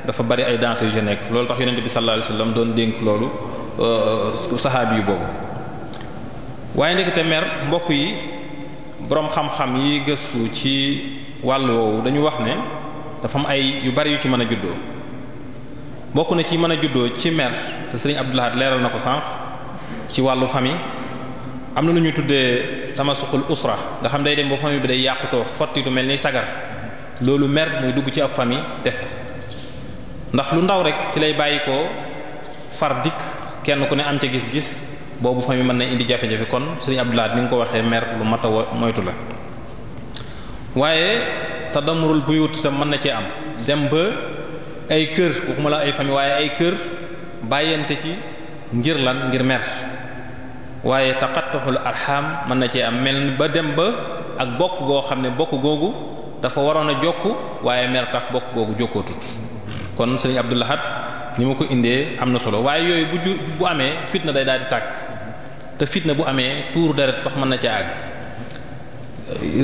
dafa bari ay danse yu ci nekk loolu tax yonent bi sallallahu alayhi wasallam doon dénk loolu euh, euh, saxaabi yu boobu waaye ndekete mer mbokk yi boroom xam-xam yi gëstu ci wàll woowu dañu wax ne dafa am ay yu bari yu ci mën a juddoo bokk na ci mën a juddoo ci mer te sëriñ Abdoulahat leeral na ko sànq ci wàllu famille am na lu ñu tuddee tamasuqul usra nga xam day dem ba famille bi day yàqutoo xottitu mel ni sagar loolu mer muy dugg ci ab famille def ko ndax lu ndaw rek ci lay bàyyi ko far dikk kenn ku ne am ca gis-gis boobu famille mën na indi jafe-jafe kon sëriñ Abdoulahat ni nga ko waxee mer lu mat a moytu la waaye tadamurul buyut tam mën na cee am dem ba ay kër waxuma la ay fami waaye ay kër bàyyante ci ngir lan ngir mer waaye taqattuxul arxam mën na cee am mel ba dem ba ak bokk goo xam ne bokk googu dafa waroon a jokk waaye mer tax bokk googu jokkootut kon sëriñ Abdul Ahad ni ma ko indee am na solo waaye yooyu bu ju bu amee fitna day daal di tàkk te fitna bu amee tuur deret sax mën na ci àgg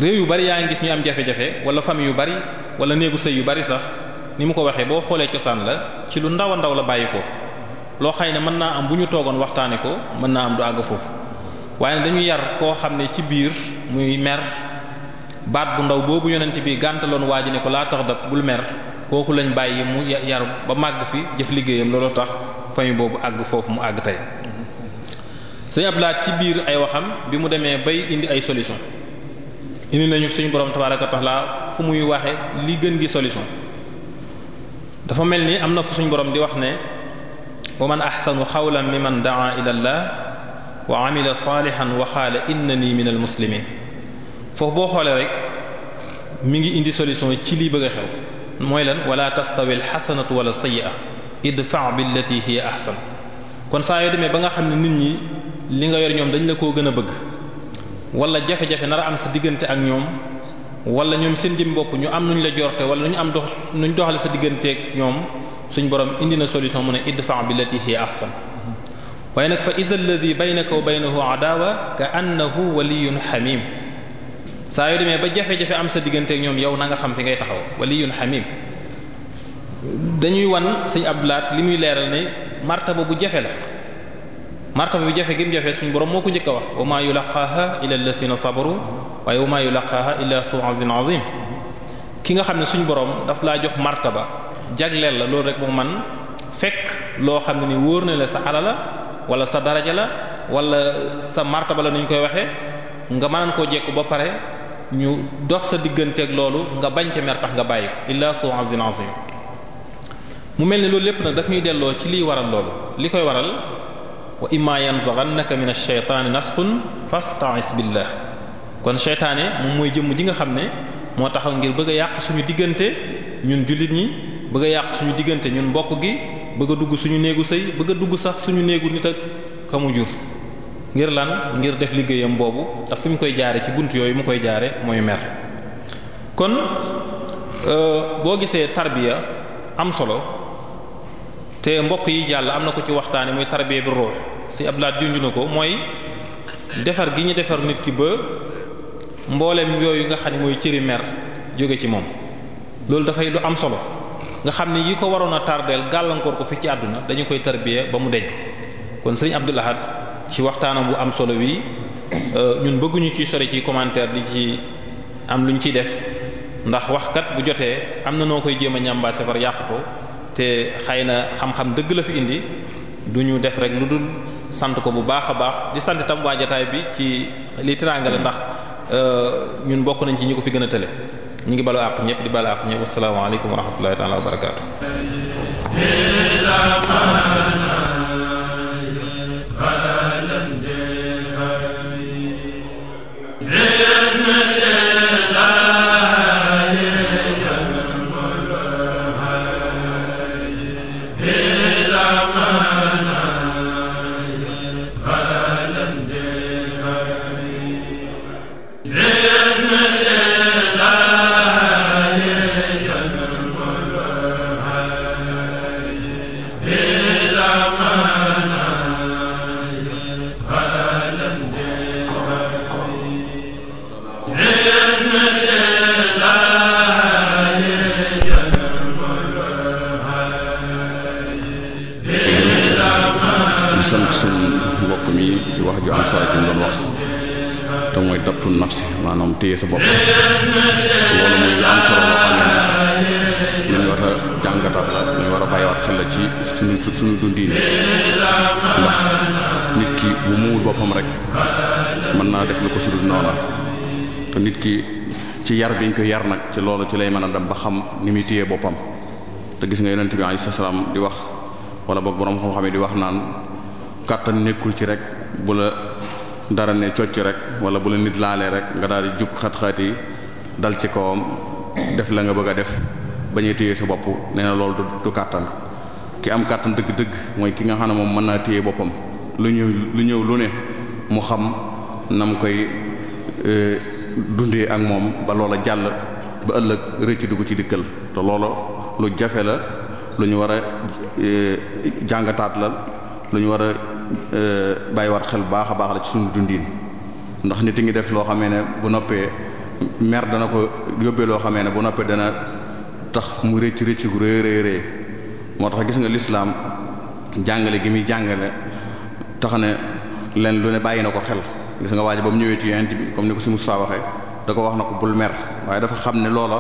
réew yu bari yaa ngi gis ñu am jafe-jafe wala famille yu bari wala néegu sëy yu bari sax ni mu ko waxee boo xoolee cosaan la ci lu ndaw a ndaw la bàyyi ko loo xay ne mën naa am bu ñu toogoon waxtaanee ko mën naa am du àgg foofu waaye dañu yar koo xam ne ci biir muy mer baat bu ndaw boobu yonent bi gàntaloon waa ji ne ko laa tax dab bul mer kooku lañ bàyyi mu yar ba màgg fi jëf liggéeyam looloo tax famille boobu àgg foofu mu àgg tey. sëñ Abdoulaye ci biir ay waxam bi mu demee bay indi ay solution indi nañu suñu borom tabaaraka taala fu muy waxe li gën gi solution. dafa mel ni am na fu suñ borom di wax ne wa man axsanu xawlan mimman daa ila allah wa amila salihan wa qaala nii min al muslimin foofu boo xoolee rek mu ngi indi solution ci lii bëgg a xew mooy lan wala tastawi al xasanatu wala sayyi'a idfa billati hiya ahsan kon saa yoo demee ba nga xam ne nit ñi li nga yor ñoom dañ la koo gën a bëgg wala jafe-jafe nar a am sa diggante ak ñoom wala ñoom seen jëm bopp ñu am nuñ la jorte wala ñu am dox nuñ doxale sa digganteek ñoom suñu borom indi na solution mu ne idfa billati hiya ahsan waaye nag fa iza alladhi baynaka wa baynahu adawa ka annahu waliyun hamim saa yoo demee ba jafe-jafe am sa digganteek ñoom yow na nga xam fi ngay taxaw waliyun hamim dañuy wan sëñ Abdulaat li muy leeral ne martaba bu jafe la martaba bi jafe gi mu jafe suñu borom moo ko njëkk a wax wa maa yulaqaaha illa allasina sabaru waaye wa maa yulaqaaha illa su azin azim ki nga xam ne suñu borom dafa laa jox martaba jagleel la loolu rek moo man fekk loo xam ne ni wóor na la sa alala la wala sa daraja la wala sa martaba la nuñ koy waxee nga mënaan koo jekku ba pare ñu dox sa diggante digganteeg loolu nga bañ ca mer tax nga bàyyi ko illa su azin azim mu mel ni loolu lépp nag daf ñuy delloo ci liy waral loolu li koy war wa imma yanzaghannaka min ash-shaytaani nasxun fasta'is billah kon seytaane moom mooy jëmm ji nga xam ne moo taxaw ngir bëgg a yàq suñu diggante ñun jullit ñi bëgg a yàq suñu diggante ñun mbokk gi bëgg a dugg suñu néegu sëy bëgg a dugg sax suñu néegu nit ak ka mu jur ngir lan ngir def liggéeyam boobu ndax fi mu koy jaare ci bunt yooyu mu koy jaare mooy mer kon euh, boo gisee tarbiya am solo te mbokk yi jàll am na ko ci waxtaane muy tarbiya bi ruux si ab laat junju ko mooy defar gi ñu defar nit ki ba mboolem yooyu nga xam ne mooy cëri mer jóge ci moom loolu dafay lu am solo nga xam ne yi ko waroon a tardeel gàllankoor ko fi ci àdduna dañu koy tarbiya ba mu deñ kon sëriñ Abdul Ahad ci waxtaanam bu am solo wi euh, ñun bëgguñu ci sori ci commentaire di ci am lu ñu ciy def ndax wax kat bu jotee am na noo koy jéem a ñàmbaa safar yàq ko te xëy na xam-xam dëgg la fi indi du ñu def rek lu dul sant ko bu baax a baax di sant itam waa jotaay bi ci li tiraanga la ndax euh, ñun bokk nañ ci ñi ko fi gën a tële ñu ngi baloo àq ñëpp di baloo àq ñëpp asalaamaaleykum wa rahmatullahi taala wa barakaatu yar biñ ko yar nag ci loolu ci lay man a dem ba xam ni muy téye boppam te gis nga yonent bi sa salaam di wax wala boog boroom xam-xam yi di wax naan kàttan nekkul ci rek bu la dara ne cocc rek wala bu la nit laalee rek nga daal di jug xat-xat yi dal ci kawam def la nga bëgg a def bañee téye sa bopp nee na loolu du kàttan ki am kàttan dëgg-dëgg mooy ki nga xam ne moom mën naa téye boppam lu ñëw lu ñëw lu ne mu xam nam koy euh, dundee ak moom ba loola jàll ba ëllëg rëcc du ko ci dikkal te loola lu jafe la lu ñu war a e, jàngataat la lu ñu war a e, bàyyiwaat xel baax a baax la ci suñu dundiin ndax nit a ngi def loo xamee ne bu noppee mer dana ko yóbbee loo xamee ne bu noppee dana tax mu rëcc rëcc gu rëy moo tax gis nga lislaam jàngale gi muy jàngale tax ne leen lu ne bàyyi na ko xel gis nga waaj ba mu ñëwee ci yent bi comme ni ko si Moussa waxee da ko wax na ko bul mer waaye dafa xam ne loola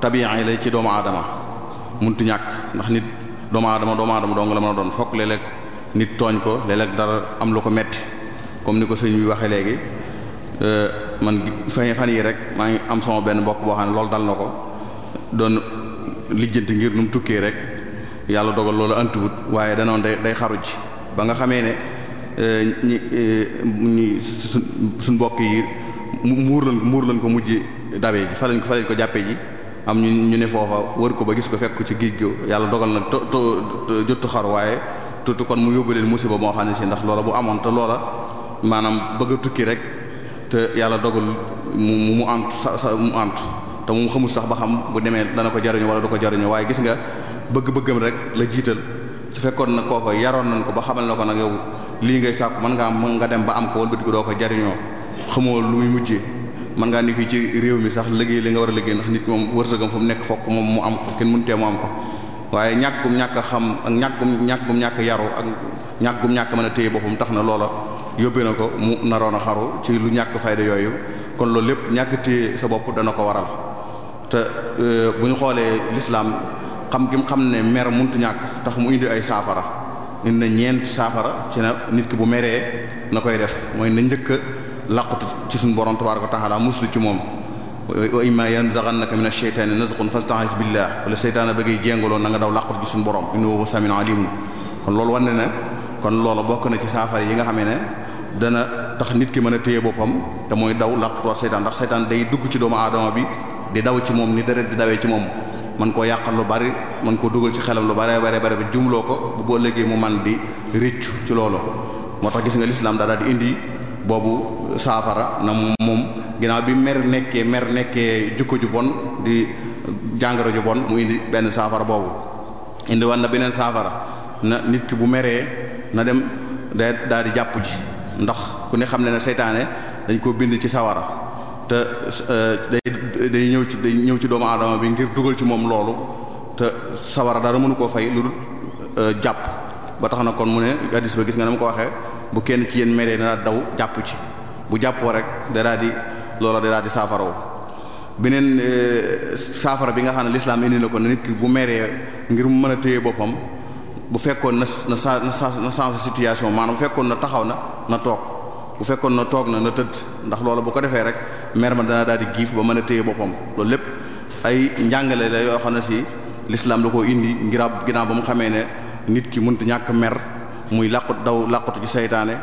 tabian lay ci doomu aadama muntu ñàkk ndax nit doomu adama doomu aadama dong la mën a doon fokk léeg nit tooñ ko léeg dara am lu ko metti comme ni ko sëñ bi waxee léegi euh, man fan fan yi rek maa ngi am sama benn mbokk boo xam ne loolu dal na ko doon lijjanti ngir nu tukkee rek yàlla dogal loolu antuwut waaye danoon day day xaru ji ba nga xamee ne euh, ñi euh, suñ mbokk yi muur lan muur lan ko mujj dawee ji fa lañ ko fa ko jàppee ji am ñu ñu ne foofa wër ko ba gis ko fekk ci géej gi yàlla dogal na to to jotu xar waaye tuuti kon mu yóbbu leen musiba moo xam ne si ndax loola bu amoon te loola maanaam bëgg tukki rek te yàlla dogal mu mu antu sa sa mu antu te mu xamul sax ba xam bu demee dana ko jariñu wala du ko jariñu waaye gis nga bëgg-bëggam rek la jiital su fekkoon na kooko yaroon nañ ko ba xamal na ko nag yow lii ngay sàkku mën nga am mën nga dem ba am ko wëlbati ko doo ko jariñoo xamoo lu muy mujjee man ngaa ni fii ci réew mi sax liggéey li nga war a liggéey ndax nit moom wërsëgam fu mu nekk fokk moom mu am ko kenn mënutee mu am ko waaye ñàkkum ñàkk xam ak ñàkkum ñàkkum ñàkk yaru ak ñàkkum ñàkk mën a téye boppam tax na loola yóbbee na ko mu naroon a xaru ci lu ñàkk fayda yooyu kon loolu lépp ñàkk téye sa bopp dana ko waral te euh, bu ñu xoolee lislaam xam gi xam ne mer muntu ñàkk tax mu indi ay saafara indi na ñeent saafara ci na bu meree na koy def laqatu ci suñu borom tabaaraka wa ta'ala muslu ci moom na imma yanzaghannaka minash shaytaani nazghun fasta'is billah wala a bëggee jéngaloo na nga daw laqatu ci suñu borom innahu huwa samiun alim kon loolu wane na kon loolu bokk na ci saafara yi nga xamee ne dana tax nit ki mën a téye boppam te mooy daw laqatuwaat seytaan ndax seytaan day dugg ci doomu aadama bi di daw ci moom ni deret di dawee ci moom man koo yàqal lu bari man koo dugal ci xelam lu bare bare bare bi jumloo ko bu ëllëgee mu man di rëccu ci loolu moo boobu saafara na moom ginnaaw bi mer nekkee mer nekkee jukko ju bon di jàngoro ju bon mu indi benn saafara boobu indi wan na beneen saafara na nit ki bu meree na dem da daal di jàpp ji ndax ku ne xam ne ne seytaane dañ koo bind ci sawara te eh, day ñëw ci day ñëw ci doomu aadama bi ngir dugal ci moom loolu te sawara dara mënu koo fay lu dul eh, jàpp ba tax na kon mu ne hadis ba gis nga na mu ko waxee bu kenn ci yéen meree dana daw jàppu ci bu jàppoo rek dadaa di loola dadaa di saafaraw beneen eh, saafara bi nga xam ne lislaam indi na ko na nit ki bu meree ngir mu mën a téye boppam bu fekkoon na na na change situation maanaam bu fekkoon na taxaw na na toog bu fekkoon na toog na na tëdd ndax loolu bu ko defee rek mer ma dana daal di giif ba mën a téye boppam loolu lépp ay njàngale la yoo xam ne si lislaam da ko indi ngir ab ba mu xamee ne nit ki mënut ñàkk mer muy làqut daw làqutu ci seytaane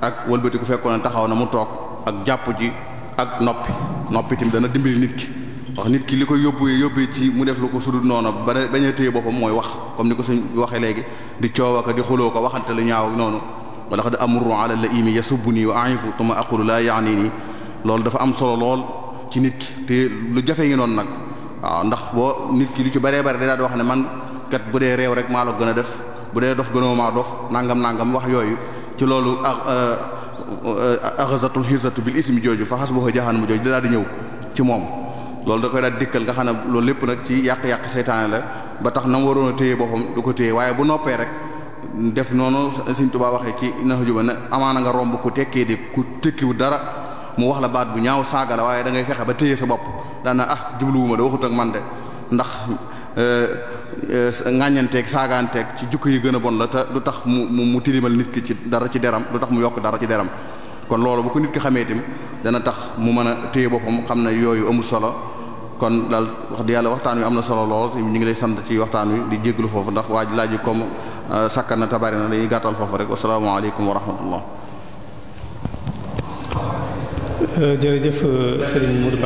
ak wëlbati ku fekkoon taxaw na mu toog ak jàpp ji ak noppi noppi tamit dana dimbali nit ki wax nit ki li ko yóbbu yóbbu ci mu def lu ko sudul noonu ba bañ a téye boppam mooy wax comme ni ko suñ waxee léegi di coow ak di xuloo ko waxante lu ñaaw ak noonu wala xad amru ala laimi yasubuni wa aifu tuma aqulu la yaani nii loolu dafa am solo lool ci nit ki te lu jafe ngi noonu nag waaw ndax boo nit ki lu ci baree bare day di wax ne man kat bu dee réew rek maa la gën a def bu dee dof gënoo maa dof nangam nangam wax yooyu ci loolu axasatul euh, euh, xisatu bil ismi jooju fa xas boo jaaxaan mu jooju di daal di ñëw ci moom loolu da koy daal dikkal nga xam loolu lépp nag ci yàq-yàq seytaane la ba tax na mu waroon a téye boppam du ko téye waaye bu noppee rek def noonu Sëriñ Tuubaa waxee ci na juba ne amaana nga romb ku tekkee di ku tekkiwu dara mu wax la baat bu ñaaw saaga la waaye da ngay fexe ba téye sa bopp daana ah jubluwuma da waxut ak man de ndax Euh, euh, ŋàññanteeg saagaanteeg ci jukk yi gën a bon la te du tax mu mu tilimal nit ki ci dara ci deram du tax mu yokk dara ci deram kon loolu bu ko nit ki xamee itam dana tax mu mën a téye boppam xam na yooyu amul solo kon dal wax di yàlla waxtaan wi am na solo lool ñu ngi lay sant ci waxtaan wi di jéglu foofu ndax waa laaj yi comme euh, sakkan na tabari na dañuy gàttal foofu rek asalaamaaleykum wa rahmatullah jërëjëf Serigne Modou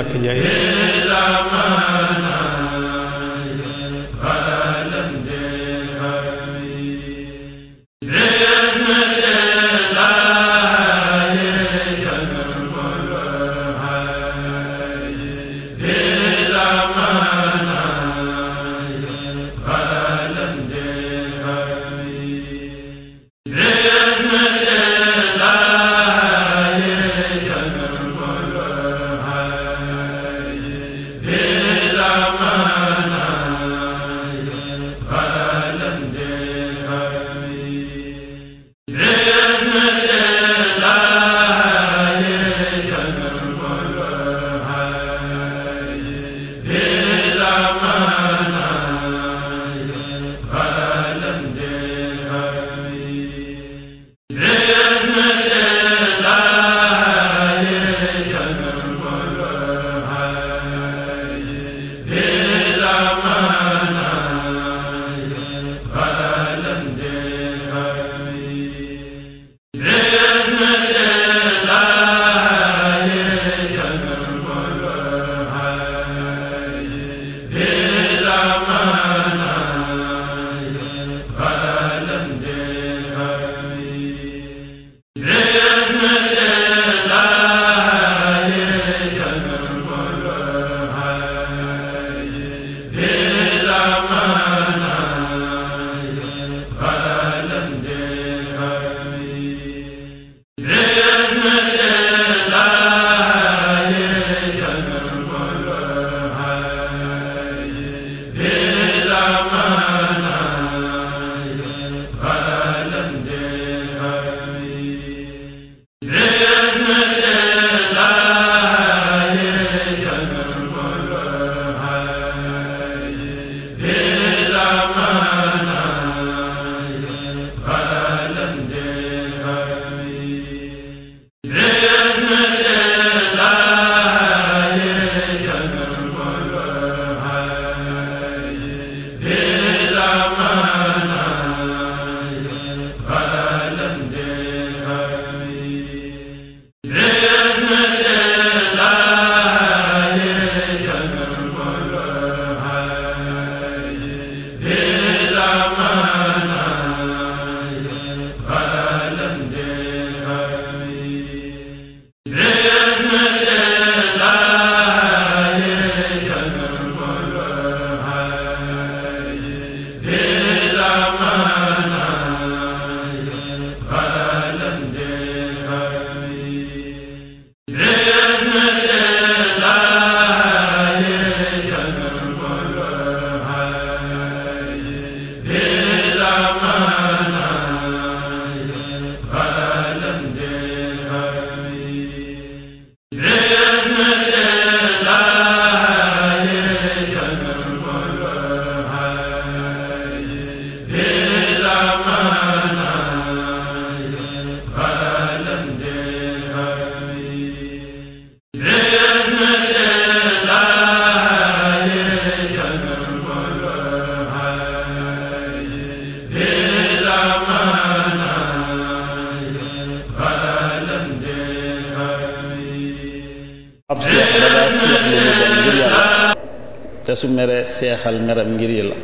seexal meram ngir yàlla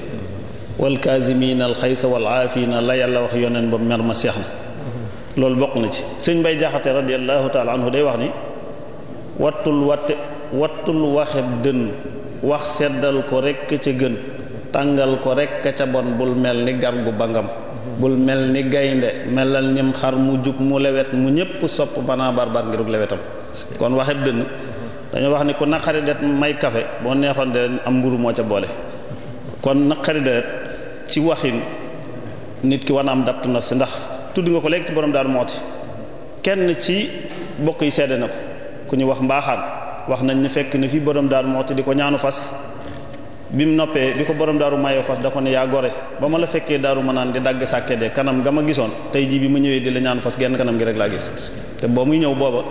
wal kaazimiina al xaysa wal aafiina la yàlla wax yoneen ba mer ma seex na loolu bokk na ci sëñ bay jaxate radiallahu taala anhu day wax ni wattul watte wattul waxeb dënn wax seddal ko rekk ca gën tàngal ko rekk ca bon bul mel ni gar gu bangam bul mel ni gaynde melal nim xar mu jug mu lewet mu ñépp sopp banaa barbar ngirug lewetam kon waxeb dënn dañoo wax ni ku naqari deret may kafe boo neexoon deret am mburu moo ca boole kon naqari deret ci waxin nit ki war na am dabtu na si ndax tudd nga ko lekk ci borom daal mooti kenn ci bokk yi seede na ku ñu wax mbaaxaan wax nañ ne fekk ni borom daal mooti di ko ñaanu fas bi mu noppee bi ko borom daaru mayoo fas da ko ne yaa gore ba ma la fekkee daaru ma naan di dagg sàkke kanam ga ma gisoon tey jii bi ma ñëwee di la ñaan fas genn kanam gi rek laa gis te boo muy ñëw booba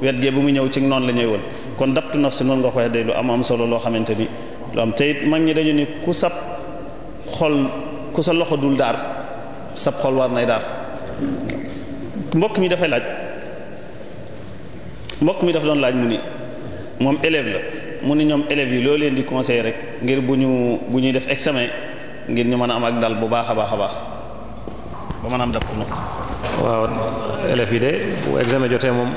wet gee bu mu ñëw ci noonu la ñuy woon kon dabtu nafsi noonu nga ko waxee am solo loo xamante ni lu am te it mag ñi dañu ni ku sab xol ku sa loxo dul daar sab xol war nay daar mbokk mi dafay laaj mbokk mi dafa doon laaj mu ni moom élève la mu ni ñoom élèves yi loo leen di conseiller rek ngir bu ñu bu ñuy def examen ngir ñu mën a am ak dal bu baax a baax a baax ba mën a am dab waaw élèves yi de bu examen jotee moom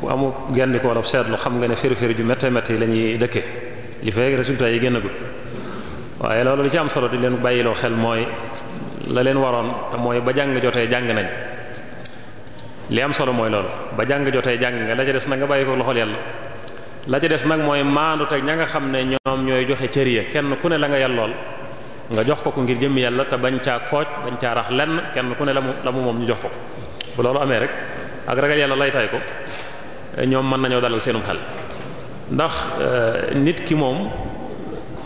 ku amu genn ko wala seetlu xam nga ne firifiri ju métte métte yi la ñuy dëkkee li fekk résultat yi génn a waaye loolu li ci am solo di leen bàyyiloo xel mooy la leen waroon mooy ba jàng jotee jàng nañ li am solo mooy loolu ba jàng jotee jàng nga la ca des nag nga bàyyi ko loxol yàlla la ca des nag mooy maandu teg ña nga xam ne ñoom ñooy joxe cër ya kenn ku ne la nga yàllool nga jox ko ko ngir jëmm yàlla te bañ caa kooj bañ caa rax lenn kenn ku ne la mu la moom ñu jox ko bu loolu amee ko ñoom mën nañoo dalal seenum xel ndax euh, nit ki moom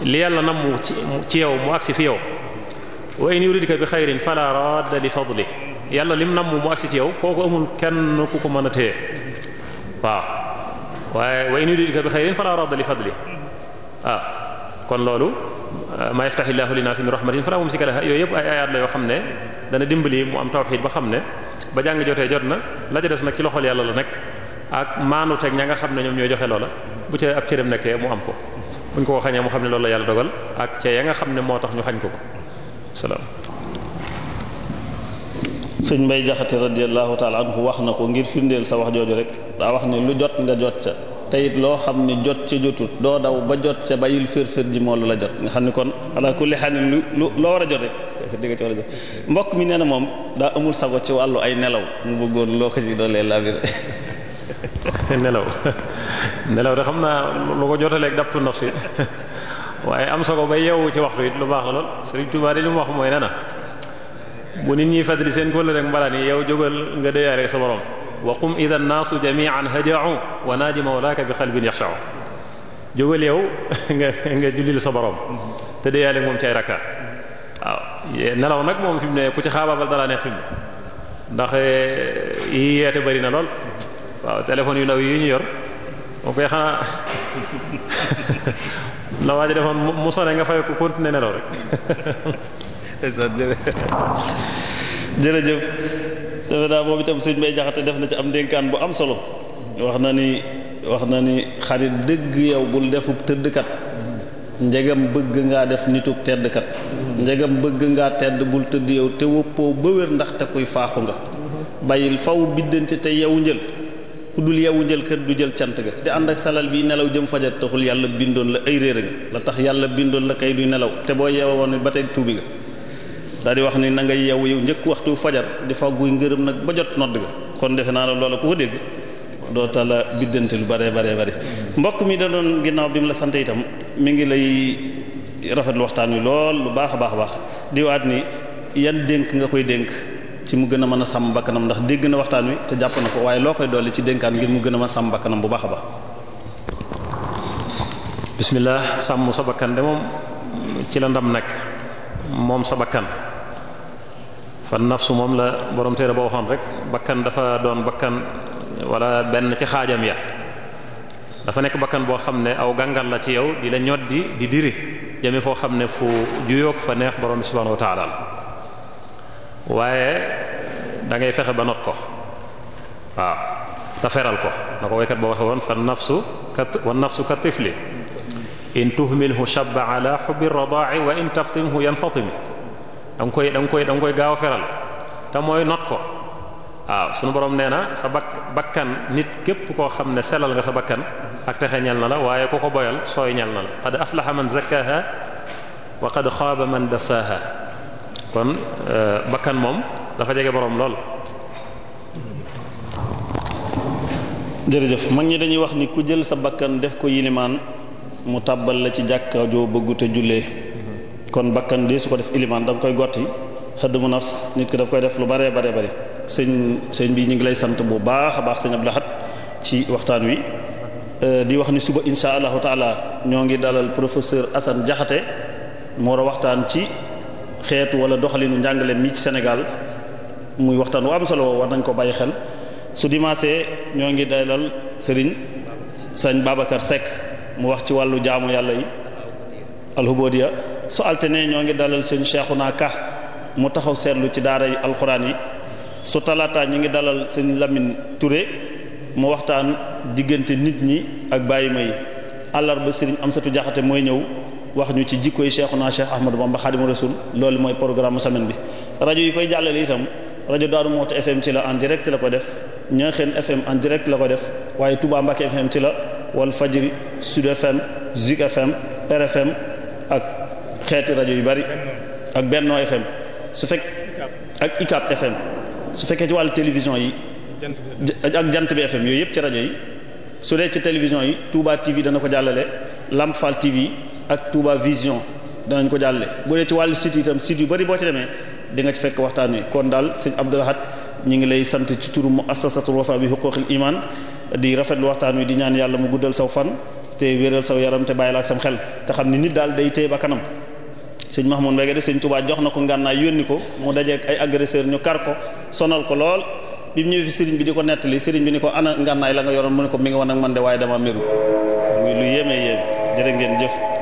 li yàlla namu ci ci yow mu agsi fi yow wa in yuridka bi xayrin fala radda li fadli yàlla li mu namm mu agsi ci yow kooku amul kenn ku ko mën a téye waaw waaye wa in yuridka bi xayrin fala radda li fadli waaw ah, kon loolu euh, ma yaftaxillahu linnaasi min rahmatin fala mumsika laha yooyu yëpp ay ayaat la yoo xam ne dana dimbali mu am tawxiid ba xam ne ba jàng jotee jot na la ca des nag ci loxol yàlla la ak maanute ak ña nga xam ne ñoom ñooy joxe loola bu ca ab cëram nekkee mu am ko buñ ko ko xañee mu xam ne loolu yàlla dogal ak ca ya nga xam ne moo tax ñu xañ ko ko salaam. suñ Mbay Jaxate radiyallahu taala wax na ko ngir firndeel sa wax jooju rek daa wax ne lu jot nga jot ca teyit loo xam ne jot ca jotut doo daw ba jot ca bayil fër-fër ji moo lu la jot nga xam ne kon ala kulli xaal lu loo war a jot rek dégg mbokk mi nee na moom daa amul sago ci wàllu ay nelaw mu loo ko ci doolee nelaw nelaw de xam naa lu ko jotaleeg daptu nafsi waaye am sago ba yeewu ci waxtu it lu baax la lool Serigne Touba de li wax mooy nee na bu nit ñi fàttali seen kóllë rek mbalaan yi yow jógal nga dëyaale sa borom wa qum ida naasu jamian hajaau wa naaji mawlaaka bi xalbin yaxshau jógal yow nga nga jullil sa borom te dëyaale moom ci rakka nelaw nag moom fi ne ku ci xaabaabal dalaa neex fi mu ne ndax eh, yi yeete na lool waaw téléphone yu ndaw yi ñu yor moom koy xanaa la waaj defoon mu sone nga fay ko continuer nelaw rek jërëjëf defe naa moom itam sëñ Bay Jaxate def na ci am dénkaan bu am solo wax na ni wax na ni xarit dëgg yow bul defub tëddkat njegam bëgg ngaa def nitug teddkat njegam bëgg ngaa tedd bul tëdd yow te wëppoo ba wér ndax te kuy faaxu nga bayil faw biddanti te yow njël ku dul yeewu jël kër du jël cant ga te ànd ak salal bii nelaw jëm fajar taxul yàlla bindoon la ay réer nga la tax yàlla bindoon la kay du nelaw te boo yeewoon ba tey tuubi nga daal di wax ni na nga yeewu yow njëkk waxtu fajar di fagguy ngërëm nag ba jot nodd ga kon defe naa la loola ku ko dégg doo tala biddante lu bare bare bare mbokk mi da doon ginnaaw bi mu la sant itam mi ngi lay rafetlu waxtaan wi lool lu baax a baax a baax di waat ni yan dénk nga koy dénk ci mu gën a mën a sàmm bakkanam ndax dégg na waxtaan wi te jàpp na ko waaye loo koy dolli ci dénkaan ngir mu gën a mën a sàmm bakkanam bu baax a baax. sàmm sa bakkan de moom ci la ndam nekk moom sa bakkan fan fa su moom la borom téere boo waxoon rek bakkan dafa doon bakkan wala benn ci xaajam ya dafa nekk bakkan boo xam ne aw gàngal la ci yow di la ñoddi di diri jëme foo xam ne fu juyoog fa neex borom subhanahu wa ta'ala waaye da ngay fexe ba not ko waaw te feral ko na ko waykat ba waxe woon fa nafsu kat wa nafsu ka tifli in tuhmilhu shabba ala hubbi radaa'i wa in taftimhu yanfatimi da nga koy da koy da nga koy gaaw a feral te mooy not ko waaw sunu borom nee na sa bak bakkan nit képp koo xam ne selal nga sa bakkan ak texe ñal na la waaye ku ko boyal sooy ñal na la qad aflaha man zakkaha wa qad xaaba man dasaaha kon euh, bakkan moom dafa jege boroom lool. jërëjëf mag ñi dañuy wax ni ku jël sa bakkan def ko yilimaan mu tàbbal la ci jàkka joo bëggu te kon bakkan dee su ko def ilimaan da nga koy gotti xëdd mu nafs nit ki daf koy def lu baree baree bari sëñ sëñ bi ñu ngi lay sant bu baax a baax sëñ Abdou Lahad ci waxtaan wi euh, di wax ni suba insha allahu taala ñoo ngi dalal professeur Assane Diakhaté moo war a waxtaan ci xeetu wala doxalinu njàngale mi ci Sénégal muy waxtaan wu am solo war nañ ko bàyyi xel su dimanche ñoo ngi dalal sëriñ sëñ Babacar Seck mu wax ci wàllu jaamu yàlla yi alxuboodiya su altine ñoo ngi dalal sëñ Cheikhouna Ka mu taxaw seetlu ci daara yi alxuraan yi su talaataa ñu ngi dalal seen lamin Touré mu waxtaan diggante nit ñi ak bàyyima yi àllarba sëriñ am Amsatu Jaxate mooy ñëw wax ñu ci jikko yi Cheikhuna Cheikh Ahmadou Bamba Khadimu Rasul loolu mooy programme semaine bi rajo yi koy jàllale itam rajo Daaru Muxti FM ci la en direct la ko def Ñaaxeen FM en direct la ko def waaye Touba Mbacké FM ci la Walf Fadjri Sud FM Zik FM RFM ak rajo yu bari Benno FM su fekk ak ICAP su fekkee ci wàll télévision yi ak Jant bi FM yooyu yëpp ci rajo yi su dee ci télévision yi Touba TV dana ko jàllale Lamp Fall TV ak Touba Vision danañ ko jàlle bu dee ci wàllu sit itam site yu bari boo ci demee di nga ci fekk waxtaan wi kon daal sëñ Abdou Lahad ñu ngi lay sant ci turu muassasatul wafa bi huquqil iman di rafetlu waxtaan wi di ñaan yàlla mu guddal saw fan te wéral saw te bàyyi la sam xel te xam ni daal day téye ba kanam sëñ Mahmoud Mbege de sëñ Touba jox na ko ngànnaay yónni ko mu dajeeg ay agresseur ñu kar ko sonal ko lool bi mu ñëwee fi sëriñ bi di ko nettali sëriñ bi ni ko ana ngànnaay la nga yoroon mu ni ko mi ngi woon ak man de waaye dama meru lu yéeme yéeme jërë ngeen jëf